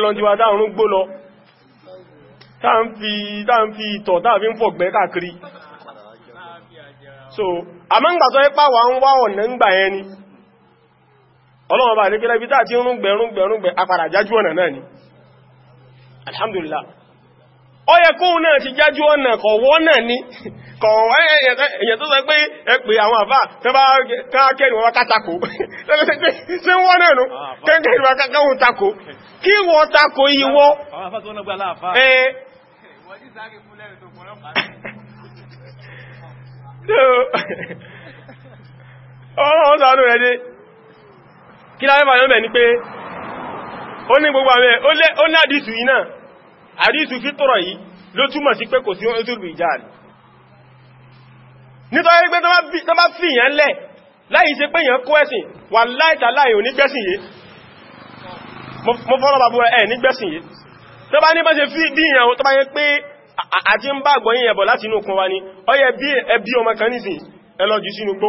fi ń fọ̀ gbẹ́ káàkiri so àmọ́ ń gbà sọ ipá wà ń wá ọ̀nà ń gbà ẹni ọlọ́wọ́ bá ní kílẹ̀ bí tàà tí ó rúngbẹ̀ rúngbẹ̀ jájú ọ̀nà náà ni alhamdulillah ọ yẹ náà ti jájú ọ̀nà kọ̀wọ́ náà ni <laughs> kọ̀wọ́ ẹ̀yẹ̀ sọ pé ẹ <laughs> <laughs> kí láyébà yọ́ mẹ́ ní pé ó ní gbogbo àwẹ́ ó ní àdísù yìí náà àdísù fítọ̀rọ̀ yìí ló túmọ̀ sí pé kò sí ojúlù ìjáàlì nítorí pé tó bá fi ìyàn lẹ̀ láì ṣe pé èyàn kó ẹ̀sìn wà láìta láì ò nígbẹ́sìn yìí mo fọ́lọ́ bàbú ẹ̀ nígbẹ́sìn yìí tó bá ní bá ṣe fi bí ìyàn tó bá yẹ pé àti ń bá àgbọ̀yìn ẹ̀bọ̀ láti inú okun wa ni ó yẹ bí ẹbí ọmọ kan nísìn ẹlọ́jù sínú gbó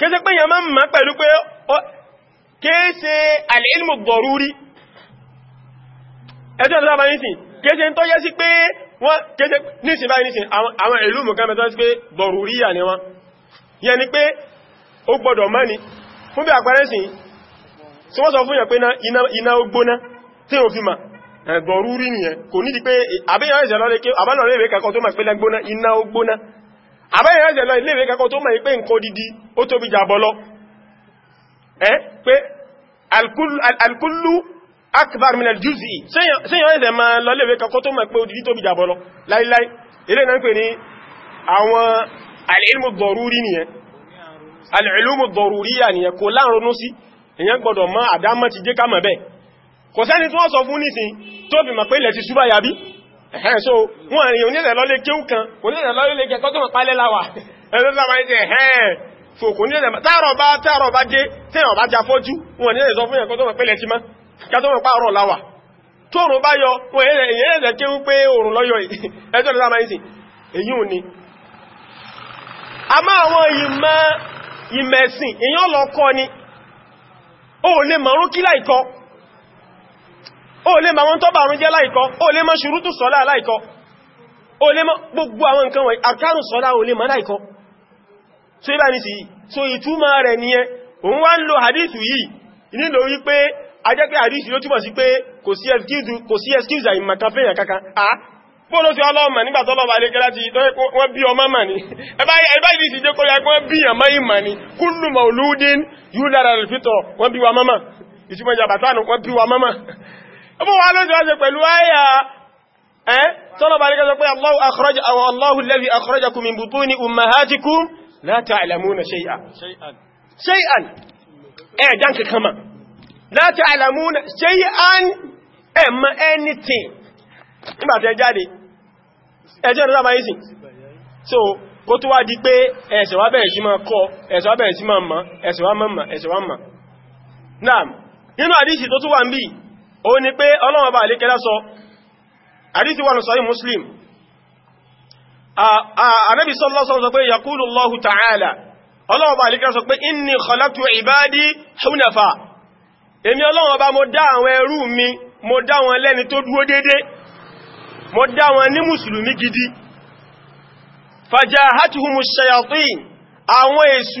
kéèsé pé yàn máa ń máa pẹ̀lú pé kéèsé alìlmù dọ̀rúrí ẹjọ́ ìlú àbáyé kpe kéèsé tó yẹ sí pé wọ́n kéèsé nísìn báyìí nísìn àwọn ìlú mọ̀ká mẹ́tọ́ sí pé wọn yẹ ni pé ó gbọ́dọ̀ mọ́ ni fún bí àpẹẹrẹ sí àbẹ́yìn ẹ̀jẹ̀ lọ ilé ìwé kẹ́kọ́ tó mọ̀ pé nǹkan dídí ó tóbi jàbọ́ lọ ẹ́ pé alkullu akbar min aljuz'i sẹ́yàn ẹ̀jẹ̀ ma lọ ilé ìwé kẹ́kọ́ tó mọ̀ pé odidi tóbi jàbọ́ lọ láíláí ilé náà ń pè ní àwọn alìlmù dọ̀rúrí nìyẹn alìlmù dọ̀rúrí yà nìyẹn kò láàrúnú sí èyàn gbọ́dọ̀ mọ̀ àdámọ́ ti jẹ́ ká mọ̀ ẹ̀hẹ́ so wọ́n àrin onílẹ̀ lọ́lé kéwú kan onílẹ̀ lọ́lé kẹ́kọ́ tó mọ̀ pálẹ́ láwà ẹ̀rọ láwà ní ẹ̀hẹ́ fòkò nílẹ̀ tààrọ̀ bá tààrọ̀ bá dé tẹ́yàn bá já fọ́jú wọ́n nílẹ̀ sọ fún ẹ̀kọ́ tó mọ̀ pẹ́lẹ̀ tí má kẹ́tọ́ mọ̀ pààrọ̀ láwà tóòrùn bá yọ wọ́n ẹ̀yẹ́lẹ̀ kéwú pé òòrùn lọ́yọ̀ <laughs> ẹjọ́ láwà ní èyí ò ní a máa wọn ìmẹ̀sìn èyàn lọ kọ́ ni ó lè mọ̀rún kílà ìkọ́ ó lè ma wọn tó bàrún jẹ́ láìkọ́ ó lè mọ̀ ṣùrútù sọ́lá láìkọ́ ó lè mọ̀ gbogbo àwọn nǹkan wọ̀nyí àkárùn sọ́lá ó lè mọ̀ láìkọ́ so ibá ní sí so ìtumọ̀ rẹ̀ nìyẹn òun wá ń lo hadithu yìí nílò wípé ajẹ́ pé hadithu ló túmọ̀ sí pé kò sí excuse kò sí excuse àìmọ̀ kan fẹ́yàn kankan à bóòlò sí ọlọ́ọ̀mà nígbà tó lọ́wọ́ alẹ́kẹ́ láti wọ́n bí ọmọ mà ní ẹbá ìdí ìsìnjẹ́ kó yàgbọ́n bí àmọ́ ìmà ní kullu mauludin yulara al-fitra wọ́n bí wa mọ́mà ìsìnkú ìjàbàtánù wọ́n bí wa mọ́mà ọmọ wa ló ń tọ́wọ́ sí pẹ̀lú ayà ẹ́ tọ́lọ̀ bá ríkà sọ pé Allahu alladhi akhrajakum min butuni ummahatikum la ta'lamuna shay'an shay'an ẹ̀ jan kankan ma la ta'lamuna ẹ̀ ma anything nígbà tẹ́ jáde ẹjẹ́ rẹ̀ sábà so kó tó wá di pé ẹ̀sẹ̀ wá bẹ̀rẹ̀ sí máa kọ́ ẹ̀sẹ̀ wá bẹ̀rẹ̀ sí máa mọ̀ ẹ̀sẹ̀ wá mọ̀ ẹ̀sẹ̀ wá mọ̀ náà nínú àdíṣì tó tún wà ń bíi ó ní pé ọlọ́wọ́n bá alékẹ́lá sọ àdísí wà ní sọ́yí muslim anábi sọ́lọ́sọ́ sọ pé yakúlù allahu ta'ala ọlọ́wọ́n bá alékẹ́lá sọ pé inni khalaqtu ibadi hunafa èmi ọlọ́wọ́n bá mo dá àwọn ẹrú mi mo dá wọn lẹ́ni tó dúó dédé mo dá wọn ní mùsùlùmí gidi fajahatuhumu shayatin àwọn èṣù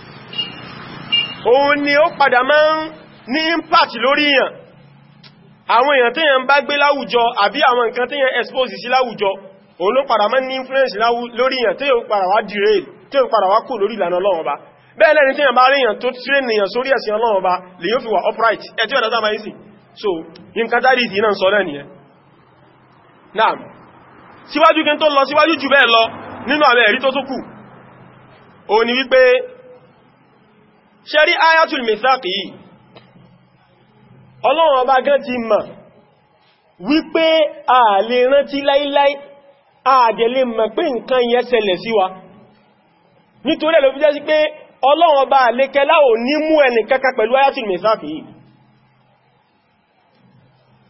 òun ni ó padà máa ń ní impact lórí èèyàn àwọn èèyàn téèyàn bá gbé láwùjọ àbí àwọn nǹkan téèyàn expose sí láwùjọ òun ló padà máa ń ní influence lórí èèyàn téèyàn padà wá derail téèyàn padà wá kò lórí ìlànà Ọlọ́run ba bẹ́ẹ̀ lẹ́ni téèyàn bá ríyàn tó tí ènìyàn sórí ẹ̀sìn Ọlọ́run ba lè yóò fi wà upright ẹ tí ó dáadáa máa ń sìn so nǹkan jáde ìdí náà sọ náà nìyẹn náà síwájú kí n tó lọ síwájú jù bẹ́ẹ̀ lọ nínú àwọn ẹ̀rí tó tó kù òun ni wípé ṣẹ́rí ayatul mithaq yìí ọlọ́run ọba gan ti mọ̀ wípé a lè rántí láíláí a dẹ̀ lè mọ̀ pé nǹkan yẹn ṣẹlẹ̀ sí wa nítorí ẹ̀lọ́bí jẹ́ sí pé ọlọ́run ọba àlékẹ́lá ò ní mú ẹnì kẹ́kà pẹ̀lú ayatul mithaq yìí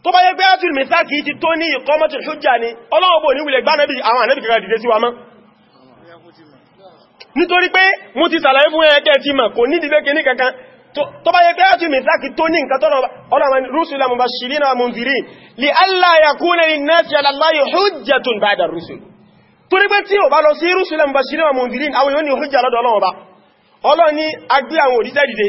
tó bá yẹ pé ayatul mithaq yìí ti tó ní iqamatul ni ọlọ́run ọba ò ní wulẹ̀ gbá àwọn ànábì kankan dìde nítorí pé mo ti sàlàyé fún ẹ̀kẹ́ ti mọ̀ kò nídìí lẹ́kẹ́ ní kankan tó bá yẹ pé àti mìsáàkì tó ní nǹkan tọ́rọ ọlọ́run rúsùlá mubashirina wa munzirin li alla yakuna linnasi ala Allahi hujjatun ba'da rúsùl torí pé tí ò bá lọ sí rúsùlá mubashirina wa munzirin àwọn yóò ní hujja lọ́dọ̀ ọlọ́run ọba ọlọ́run ni agbé àwọn òdíjẹ́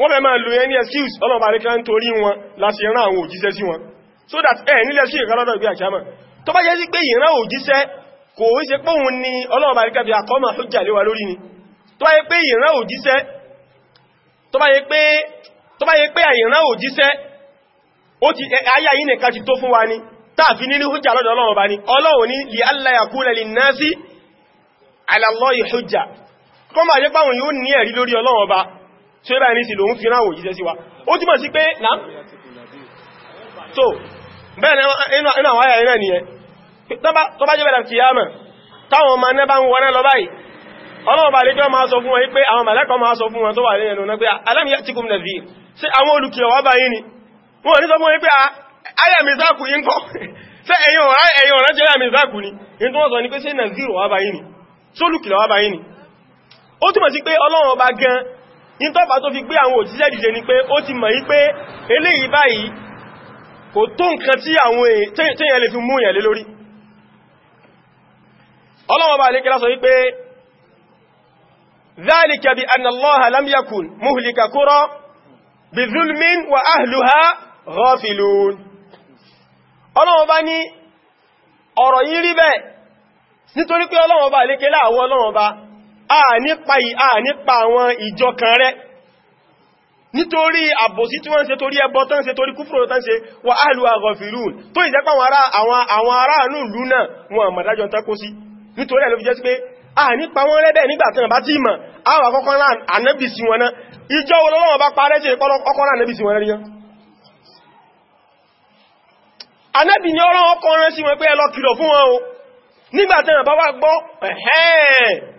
wọ́n fẹ́ máa lo any excuse ọlọ́ọ̀bá àríkà ń torí wọn láti rán àwọn òjíṣẹ́ sí wọn so that ẹ̀ nílẹ̀ sí ìkọlọ́dọ̀ ìgbé àkíyàmà tó bá jẹ́ sí pé ìran òjíṣẹ́ kò ó ṣe pé òun ni ọlọ́ọ̀bá àríkà fi àkọ́mà hujja lé wa lórí ni tó bá yẹ pé ìran òjíṣẹ́ tó bá yẹ pé tó bá yẹ pé ìran òjíṣẹ́ ó ti ayá yìí nìkan ti tó fún wa ni táàfi nínú hujja lọ́dọ̀ ọlọ́run bá ní ọlọ́run ní li alla yakuna linnasi ala Allahi hujja kọ́ máa yẹ páwọn yóò ní ẹ̀rí lórí ọlọ́run bá so ẹ́bà ní sí lòun fi ráwò jíṣẹ́ sí wa ó túnmọ̀ sí pé náà so bẹ́ẹ̀ inú àwọn ayà iná nìyẹn tó bá jẹ́bẹ̀rẹ̀ kìyàmọ̀ táwọn ọmọ náà bá ń wọ́n lọ báyìí ọlọ́wọ́ bá lè jọ máa sọ fún wọn pé àwọn mẹ́lẹ́kọ̀ọ́ máa sọ fún wọn tó wà lẹ́yìn ẹnu pé alam ya'tikum nadhir sí àwọn olùkìlọ̀ wá báyìí ni wọ́n ní sọ fún wọn pé ah, <laughs> ni in tó wọ́n sọ ní pé sí nàzírò wá báyìí ni sólùkìlọ̀ wá báyìí ó túnmọ̀ sí pé ọlọ́wọ́ bá gan ìtọ́fà tó fi gbé àwọn òjíṣẹ́ dìde ni pé ó ti mọ̀ yí pé eléyìí báyìí kò tó nǹkan tí àwọn èèyàn lè fi mú èèyàn lé lórí ọlọ́wọ́ lè kí lásọ wípé ذلك بأن الله لم يكن مهلك قرى بظلم وأهلها غافلون ọlọ́wọ́ bá ní ọ̀rọ̀ yìí nítorí pé ọlọ́wọ́ lè kí láàwọ́ ọlọ́wọ́ Ah, a ah, nípa àwọn ìjọ kan rẹ̀ nítorí àbòsí tí wọ́n ń ṣe torí ẹbọ tán ṣe torí kúfùrò tán ṣe wà áàlù àgọ̀fìlún tó ìjẹ́pá àwọn aráàlú ìlú náà wọn àmàdájọ́ takó sí nítorí ẹ̀lọ́fi jẹ́ sí pé a ah, nípa wọn rẹ́bẹ̀ nígbàtàn bá tí ìmọ̀ àwọn akọ́kọ́ rán ànábì sí wọn náà ìjọ olówọ́n bá parẹ́ sí ọkọ́ rán ànábì sí wọn ríyán ànábì ni ọ̀rọ̀ ọkọ̀ rán sí wọn pé ẹlọ́kìlọ̀ fún wọn o nígbàtàn bá wà gbọ́ ẹ̀hẹ́ẹ̀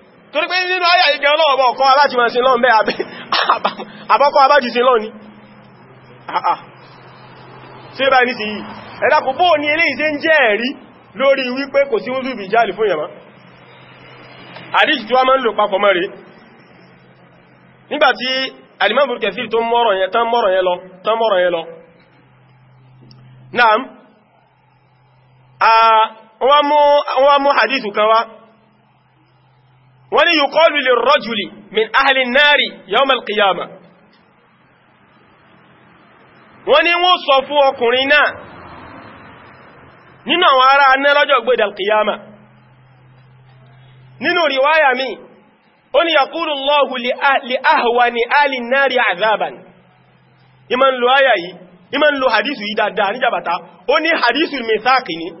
torí pé nínú ayà ìgẹ ọlọ́ọ̀bọ̀ ọ̀kọ́ aláti máa sin lọ́n bẹ́ <laughs> àbọ́kọ́ abájú sin lọ́ni ṣe bá ní sí yìí ẹ̀dàkù bóò ní eléyìí ṣe ń jẹ́ ẹ̀rí lórí wípé kò sí wúzù bí jáàlì fún yàmá àdíjì tí wá máa ń lò papọ̀ mọ́re nígbàtí alimọ́bùn kẹfì tó mọ́rọ̀ yẹn tán mọ́rọ̀ yẹn lọ tán mọ́rọ̀ wọ́n mú hadithu kan wá wọ́n ni yuqalu lirrajuli min ahli an-nari yawm al-qiyamah wọ́n ni wọ́n sọ fún ọkùnrin náà nínú àwọn ará aná lọ́jọ́ gbé dal-qiyamah nínú riwaya mi ó ni yaqulu Allahu li ahwani ahli an-nari adhaban iman lo aya yìí iman lo yìí dáadáa níjàbàtà ó ní hadithu mithaqi ni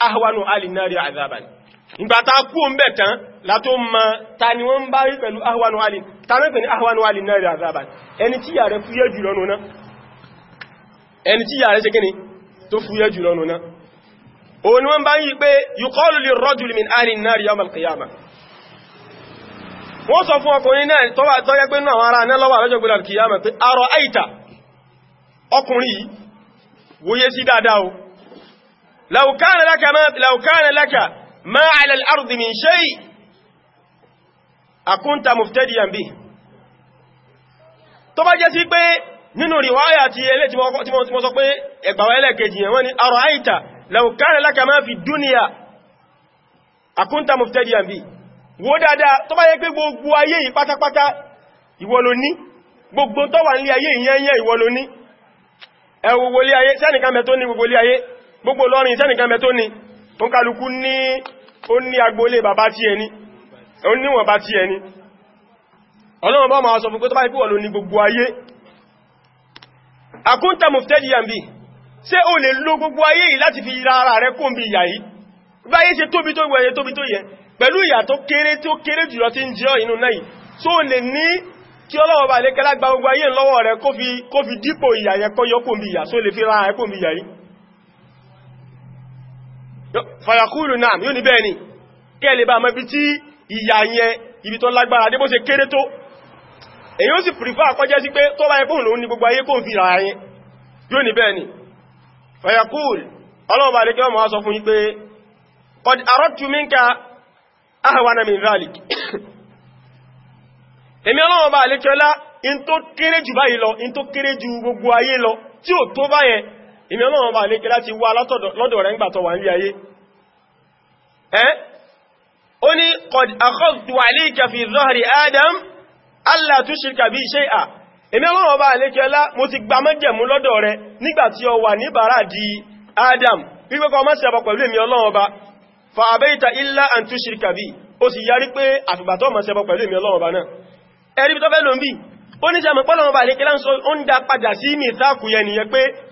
ahwanu alinari azaban ìgbàta kú o ń bẹ̀ tán látó ma ta ni wọ́n bá rí pẹ̀lú ahwanu alin tàbí pẹ̀lú ahwanu alinari azaban ẹni tí yà rẹ̀ fúyẹ́ jùlọ nùná ẹni tí yà rẹ̀ ṣe kíni tó fúyẹ́ jùlọ nùná òun wọ́n bá yí pé yuqalu lirrajuli min alinari yawm alqiyama wọ́n sọ fún ọkùnrin náà tó wà tọ́jẹ́ pé náà ara náà lọ́wọ́ àlọ́jọ́ gbọ́dọ̀ kìyàmà pé arọ àìta ọkùnrin yìí wòye sí dáadáa o لو كان لك ما لو كان لك ما على الارض من شيء اكنت مفتديا به tó bá jẹ́ sí pé nínú riwaya tí ele tí mo sọ pé egba wa ele kejì yẹn wọ́n ní araita law kana laka ma fi dunya akunta muftadiyan bi wò dáadáa tó bá jẹ́ pé gbogbo ayé yìí pátápátá ìwọ ló ní gbogbo tó wà nílé ayé yẹn yẹn ìwọ ló ní ẹ wò wọlé ayé ṣe nikan me tó ní gbogbo lé ayé gbogbo lọ́rin iṣẹ́ nìkan mẹ́tó ni ó ń kálukú ní ó ní agbolé bàbá tí ẹni ó níwọ̀n bá tí ẹni ọlọ́run bá máa sọ fún pé tó bá ipò wọ̀lú ní gbogbo ayé àkúntà mùftẹ́dì yàmbì ṣé o lè lo gbogbo ayé yìí láti fi ra ara rẹ kóǹbi ìyà yìí báyé ṣe tóbi tó wẹ̀yẹ tóbi tó yẹ pẹ̀lú ìyà tó kéré tó kí ọlọ́wọ́ bá lè kẹ́lá gba gbogbo ayé lọ́wọ́ rẹ kó fi dípò ìyà yẹ kọ́ ìyà tó lè fi ra ara rẹ ìyà yìí fàyàkúrù náà yóò ní bẹ́ẹ̀ ni kẹ́lẹ̀ bá mẹ́bí tí ìyà yẹn ibi tó lágbára dé bó ṣe kéré tó èyí ó sì pìrìfà àkọ́jẹ́ sí pé tó bá ẹkùn ní gbogbo ayé kò fi yẹn yóò ní bẹ́ẹ̀ ni fàyàkúrù ọlọ́ọ̀bà lè kẹ́wọ́n máa sọ fún yín pé minka ahwana min dhalik èmi ọlọ́ọ̀bà lè kẹ́lá in tó kéré jù báyìí lọ in tó kéré jù ìmẹ́ ọlọ́run bá lékẹ́ láti wá lọ́dọ̀ rẹ̀ ńgbàtọ̀ wà ní ayé ẹ́ ó ní qad akhadtu alayka fi adam alla tushrika bi shay'a ìmẹ́ ọlọ́run bá lékẹ́ lá mo ti gba mẹ́jẹ̀mú lọ́dọ̀ rẹ̀ nígbàtí ọ wà níbàrá di adam wípé kó má ṣẹbọ pẹ̀lú fa abayta illa an tushrika bi ó sì yarí pé àfìgbàtọ̀ má ṣẹbọ pẹ̀lú èmi ọlọ́run bá náà ẹ̀rí bí tó fẹ́ lò ń bí ó ní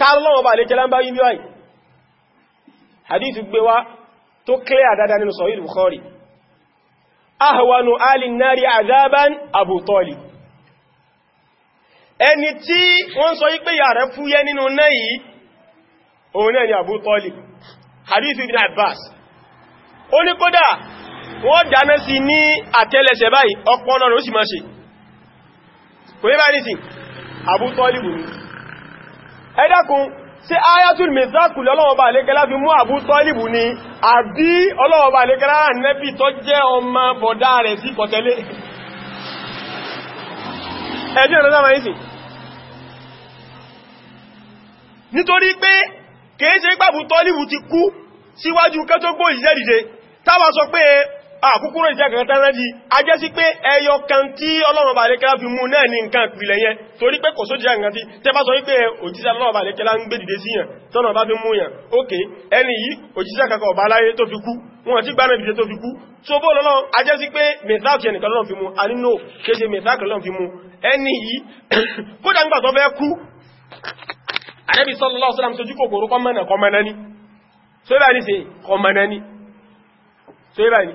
tààlọ́wọ́ bá lékẹ́lá ń bá yí bíwáyì hadith gbé wá tó clear dáadáa nínú sahih bukhari ahwanu alin nari azaban abu talib ẹni tí wọ́n sọ yí pé yà rẹ̀ fúyẹ́ nínú náà yìí òun náà ni abu ẹ dákun ṣé ayatul mizaq lọ́lọ́wọ́ba àlékẹ́lá fi mú Abu Talib ní àbí ọlọ́wọ́ba àlékẹ́lá nẹ́bì tó jẹ́ ọmọ bọ̀dá rẹ̀ sí kọtẹ́lé ẹ̀dí ọ̀nà sáwọn ìsìn nítorí pé kèése pé Abu Talib ti kú síwájú kẹ́tógbó ìjẹ́dìde táwa sọ pé àkúkú ah, rẹ̀ jẹ́ kankan tẹ́rẹ́ di a jẹ́ sí pé ẹyọ kan tí ọlọ́run bá lè kẹ́lá fi mú náà ní nǹkan ìpìlẹ̀ yẹn torí pé kò só jẹ́ nǹkan tí tẹ́ bá sọ wípé òjíṣẹ́ ọlọ́run bá lè kẹ́lá ń gbé dìde sí yàn tọ́nà bá fi mú yàn ókè ẹni yìí òjíṣẹ́ kankan ọba aláyé tó fi kú wọn ti gbára ìdíje tó fi kú tó bó lọ́lọ́run a jẹ́ sí pé mẹ́sàkì ẹnìkan lọ́run fi mú a nínú <coughs> kọmọ̀nà ni so ibà ní sí ni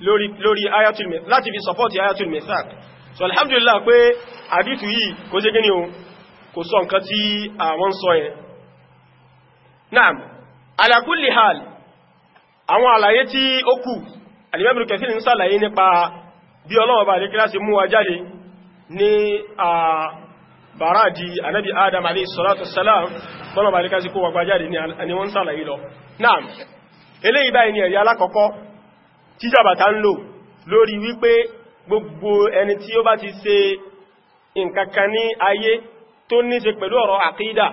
lórí lórí ayatul mithaq láti fi support ayatul mithaq so alhamdulillah pé hadith yìí kò ṣe gíní o kò sọ nǹkan tí àwọn sọ yẹn naam ala hal àwọn àlàyé tí ó kù alimẹ́bìnrin kẹfìlì ń sàlàyé nípa bí Ọlọ́run bá lékílá sí mú wa jáde ní bàrá salatu salam tọ́lọ̀ bá lékílá sí kó wà gbá jáde ni wọ́n sàlàyé eléyìí báyìí ni ẹ̀rí alákọ̀ọ́kọ́ tíjàbàtà ń lò lórí wípé gbogbo ẹni tí ó bá ti ṣe nǹkankan ní ayé tó ní pẹ̀lú ọ̀rọ̀ àkídà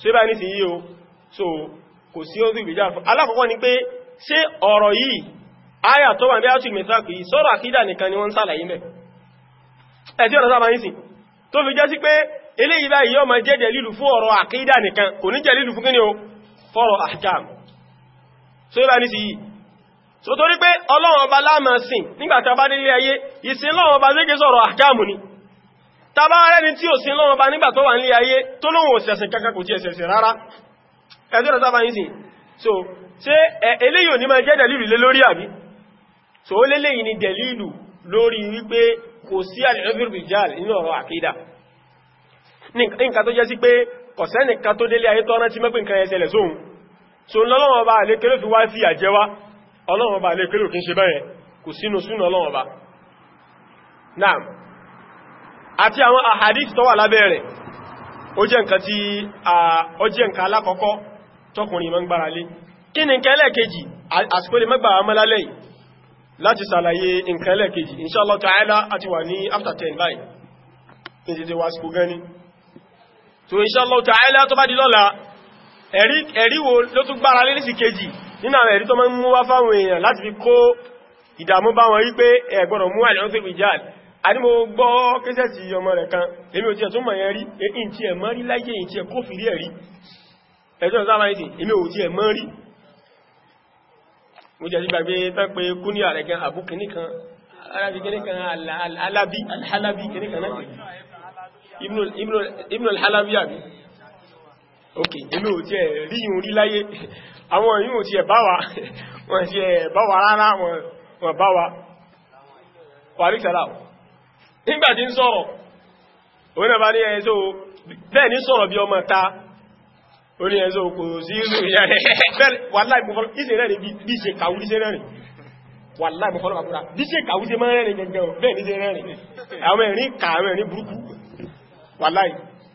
ṣe bá ní sí yí so kò sí orí ìgbèjà fún alákọ̀ọ́kọ́ ni pé ṣé ọ̀rọ̀ yìí ayà tó wà ní àtúgbì mẹ́sàkì àkídà nìkan ni wọ́n sàlàyé mẹ́ ẹ̀tí ọ̀nà sábà nísìn tó fi jẹ́ sí pé eléyìí báyìí ni o fọ́rọ̀ àkàm so yíba ní sí yìí so torí pé ọlọ́run ọba láàmà sìn nígbàtà bá nílé ayé ìsìn lọ́run ọba léke sọ̀rọ̀ àkáàmù ni tàbá rẹni tí ò sin lọ́run ọba nígbà tó wà nílé ayé tó lóhun òsẹ̀sìn kankan kò tí ẹsẹ̀sẹ̀ rárá ẹjọ́ ìrọ̀tà bá ń so ṣe eléyìí ò ní máa jẹ́ dẹ̀lìlù so ó léléyìí ni dẹ̀lìlù lórí wípé kò sí àlẹ́fẹ́rùbìjáàlì nínú ọ̀rọ̀ àkídà nǹkan tó jẹ́ sí pé kọ̀sẹ́nìkan tó délé ayé so lọ́lọ́wọ́ ọba àlékelé fi wá fi ọlọ́run ọba lè pẹ́lú kí ń ṣe bẹ́yẹn kò sínú súnà ọlọ́run ọba náà àti àwọn àhàdìsì tó wà lábẹ́ rẹ̀ ó jẹ́ nǹkan tí ó jẹ́ nǹkan alákọ̀ọ́kọ́ tọkùnrin mọ́ ń gbára lé kí ni nǹkan ẹlẹ́ẹ̀kejì àsìkò lè mẹ́gbà amọ́lálẹ̀ yìí láti sàlàyé nǹkan ẹlẹ́ẹ̀kejì inshallah ta'ala àti wà ní after 10 báyìí ẹ̀rí wo ló tún gbára lé nísì kejì nínú àwọn ẹ̀rí tó máa ń mú wá fáwọn èèyàn láti fi kó ìdààmú bá wọn wípé ẹ gbọ́dọ̀ mú àlẹ́wọ́n tó rí jáàdì àdímò gbọ́ kẹsẹ̀sì ọmọ rẹ̀ kan èmi ò tiẹ̀ tún mọ̀ yẹn rí èyí tí ẹ̀ mọ́ rí láyé èyí tí ẹ̀ kófìrí ẹ̀rí ẹjọ́ sáàmáìsì èmi ò tiẹ̀ mọ́ rí mo pé kú ní ààrẹ kan àbú kìíní àbí ok èmi ò tiẹ̀ rí ìhun rí láyé àwọn ìhun ò tiẹ̀ bá wa wọ́n tiẹ̀ bá wa rárá wọ́n bá wa wàríkàlá nígbàtí ń sọ̀rọ̀ òun àbá ní ẹ̀ẹ́sọ́ bẹ́ẹ̀ ní sọ̀rọ̀ bí ọmọ ta orí ẹ̀ẹ́sọ́ kò sí ìlú ìyàrẹ̀ wàláì mọ̀fọ́lọ́ àkúrà bí ṣe kàwú ṣe máa rẹ̀rin gẹ̀gẹ̀ bẹ́ẹ̀ ní ṣe rẹ̀rin àwọn ẹ̀rin kà àwọn ẹ̀rin burúkú wàláì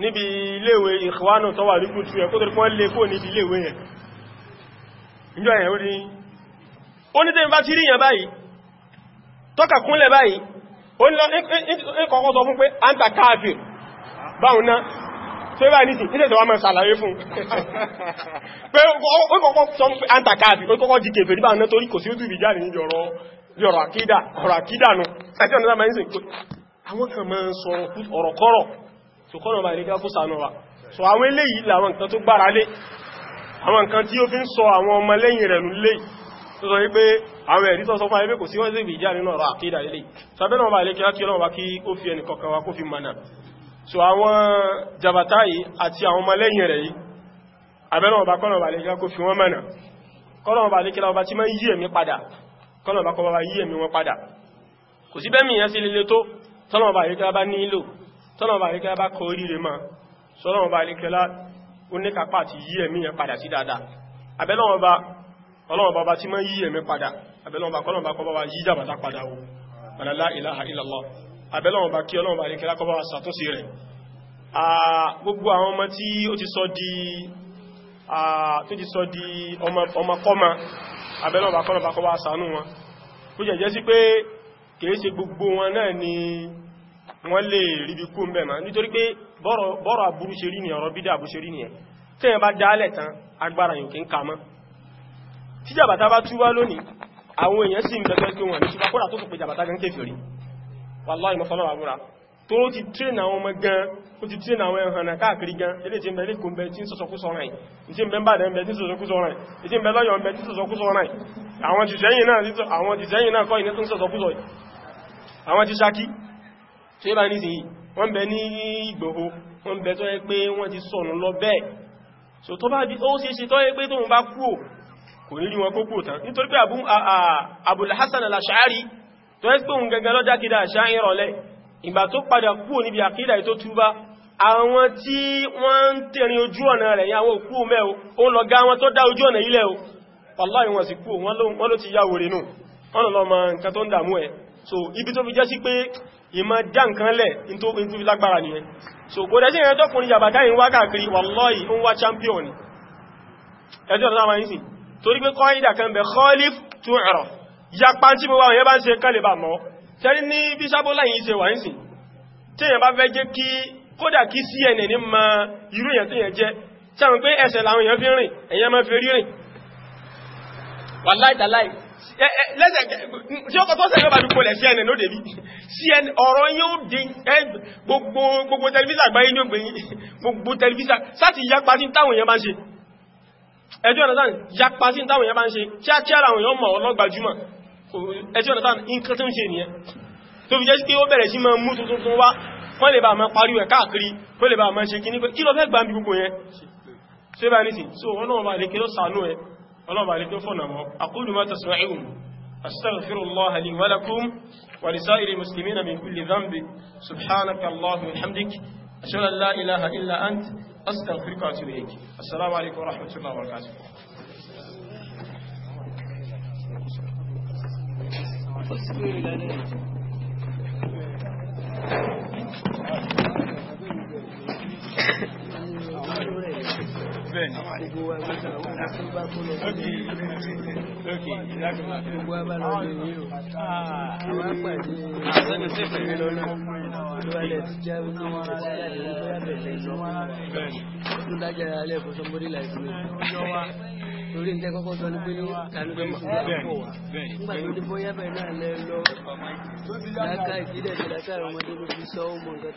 níbi iléèwé ìkwánù tó wà lúgbù tí ẹkó tó pọ́n lè kó níbi iléèwé yẹn ìjọ ẹ̀yẹ̀ ó rí ó ní tẹ́yìn bá ti rí yẹn báyìí tọ́kà kúnlẹ̀ báyìí ó ní kọ́kọ́ sọ fún pé a ń ta káàfì báhùn náà tó bá ní sí ilé ìtọ́wà mẹ́rin sàlàyé fún so kọ́nà bá ìrẹ́gá kó sànú wa so àwọn eléyìí làwọn nǹkan tó gbára lé àwọn nǹkan tí ó fi ń sọ àwọn ọmọ lẹ́yìn rẹ̀ nù lé tó sọ wípé àwọn ẹ̀rí tọ́sọ fún ẹgbẹ́ kò sí wọ́n ìjà nínú ọ̀rọ̀ àkídà lélẹ̀ sàbẹ́ náà bá ilé kíá kí ọlọ́run bá kí ó fi ẹnì kọ̀ọ̀kan wa kó fi mọ̀nà so àwọn jàbátá yìí àti àwọn ọmọ ọba tí bá kọ́ bá tọ́nà bá alékẹ́lá bá kọ oríire ma sọ́nà bá alékẹ́lá ó ní kápá àti yí ẹ̀mí yẹn padà sí dáadáa abẹ́lọ́wọ́n bá ọlọ́wọ́n bá bá tí mọ́ yí ẹ̀mí padà abẹ́lọ́wọ́n bá kọ́lọ́wọ́n bá kọ́ bá wá yí jàbàtà padà la ilaha illallah abẹ́lọ́wọ́n bá kí ọlọ́wọ́n bá alékẹ́lá kọ́ bá wá ṣàtúnṣe rẹ̀ gbogbo àwọn ọmọ tí ó ti sọ di tó ti sọ di ọmọkọ́mọ abẹ́lọ́wọ́n bá kọ́lọ́wọ́n bá kọ́ wá wọ́n lè ríbi kó ń bẹ̀ ma nítorí pé bọ́rọ̀ àbúrú ṣe rí ní ọ̀rọ̀ bídá àbú ṣe rí ní ẹ̀ tí ẹ bá dálẹ̀ tán agbára yòókè ń ka mọ́ tí jàbàtà bá túbá lónìí àwọn èèyàn sì ń bẹ̀bẹ̀ pé wọ́n ní ṣùgbọ́n kódà tó pè jàbàtà gan kéfèrí wàláhì mọ́fọ́lọ́ àbúrà tó ti tírẹ̀nà àwọn ọmọ gan ó ti tírẹ̀nà àwọn ẹ̀hànà káàkiri gan ilé tí ń bẹ ilé kò náà kọ́ ìní tó ń sọ̀sọ̀kú àwọn ti ṣakí tó yíba ní sí wọ́n bẹ ní Ìgbòho wọ́n bẹ tó yẹ pé wọ́n ti sọ̀nù lọ bẹ́ẹ̀ so tó bá bí ó sì ṣe tó yẹ pé tó ń bá kúò kò ní rí wọn kó kúò tán nítorí pé Abul Hasan al-Ash'ari tó yẹ pé òun gẹ́gẹ́ lọ́jà kìdá Ash'ari ìgbà tó padà kúò níbi àkídà ètò túbá àwọn tí wọ́n so ibi tó fi jẹ́ sí pé ìmọ̀ já nǹkan lẹ̀ in tó nìyẹn so kò dẹ̀ sí ìrìn tọ́kùnrin jàbàtà yìí wá káàkiri wallahi ń wá champion ẹjọ́ ọ̀dọ́ àwọn ìsìn torí pé kọ́ìdà khalif tu'raf yapa tí mo wá òyẹ́ bá ń ṣe kálẹ̀ bá mọ́ tẹ́rí ní bí sábólà yìí ṣe wà ìsìn ma irú èyàn tí èyàn jẹ́ tí àwọn pé ẹsẹ̀ làwọn èyàn fi rìn èyàn Eh, eh, tí ó kọ́ tó sẹ́yọ́ bá dúpọ̀ lẹ̀ CNN ló dèbí CNN ọ̀rọ̀ yóò dé gbogbo tẹlifísà àgbáyé ní ògbè gbogbo tẹlifísà sáti yapa sí táwọn èèyàn bá ń ṣe ẹjọ́ ọ̀nàtàn yapa sí táwọn èèyàn bá ń ṣe kí á kí ara àwọn èèyàn mọ̀ ọlọ́gbàjúmọ̀ ẹjọ́ ọ̀nàtàn nǹkan tó ń ṣe nìyẹn tó fi jẹ́ sí pé ó bẹ̀rẹ̀ sí máa mú tuntun tún wá wọ́n lè bá máa parí ẹ̀ káàkiri kó lè bá máa ṣe kí ní pé kí lọ fẹ́ gbàmbi gbogbo yẹn ṣe bá ní sí so wọ́n الله عليك فنم أقول ما تسمعون أستغفر الله لي ولكم ولسائر المسلمين من كل ذنب سبحانك الله وبحمدك أشهد أن لا إله إلا أنت أستغفرك وأتوب إليك السلام عليكم ورحمة الله وبركاته Thank you. Torí ń tẹ́ kọ́kọ́ sọ ní pé ní kànúgbé mọ̀kúnlá pọ̀ wá. Nígbà tó dé náà lẹ lọ. Láká ìdílé ìdílé ọmọdé ló fi sọ ọmọ nǹkan.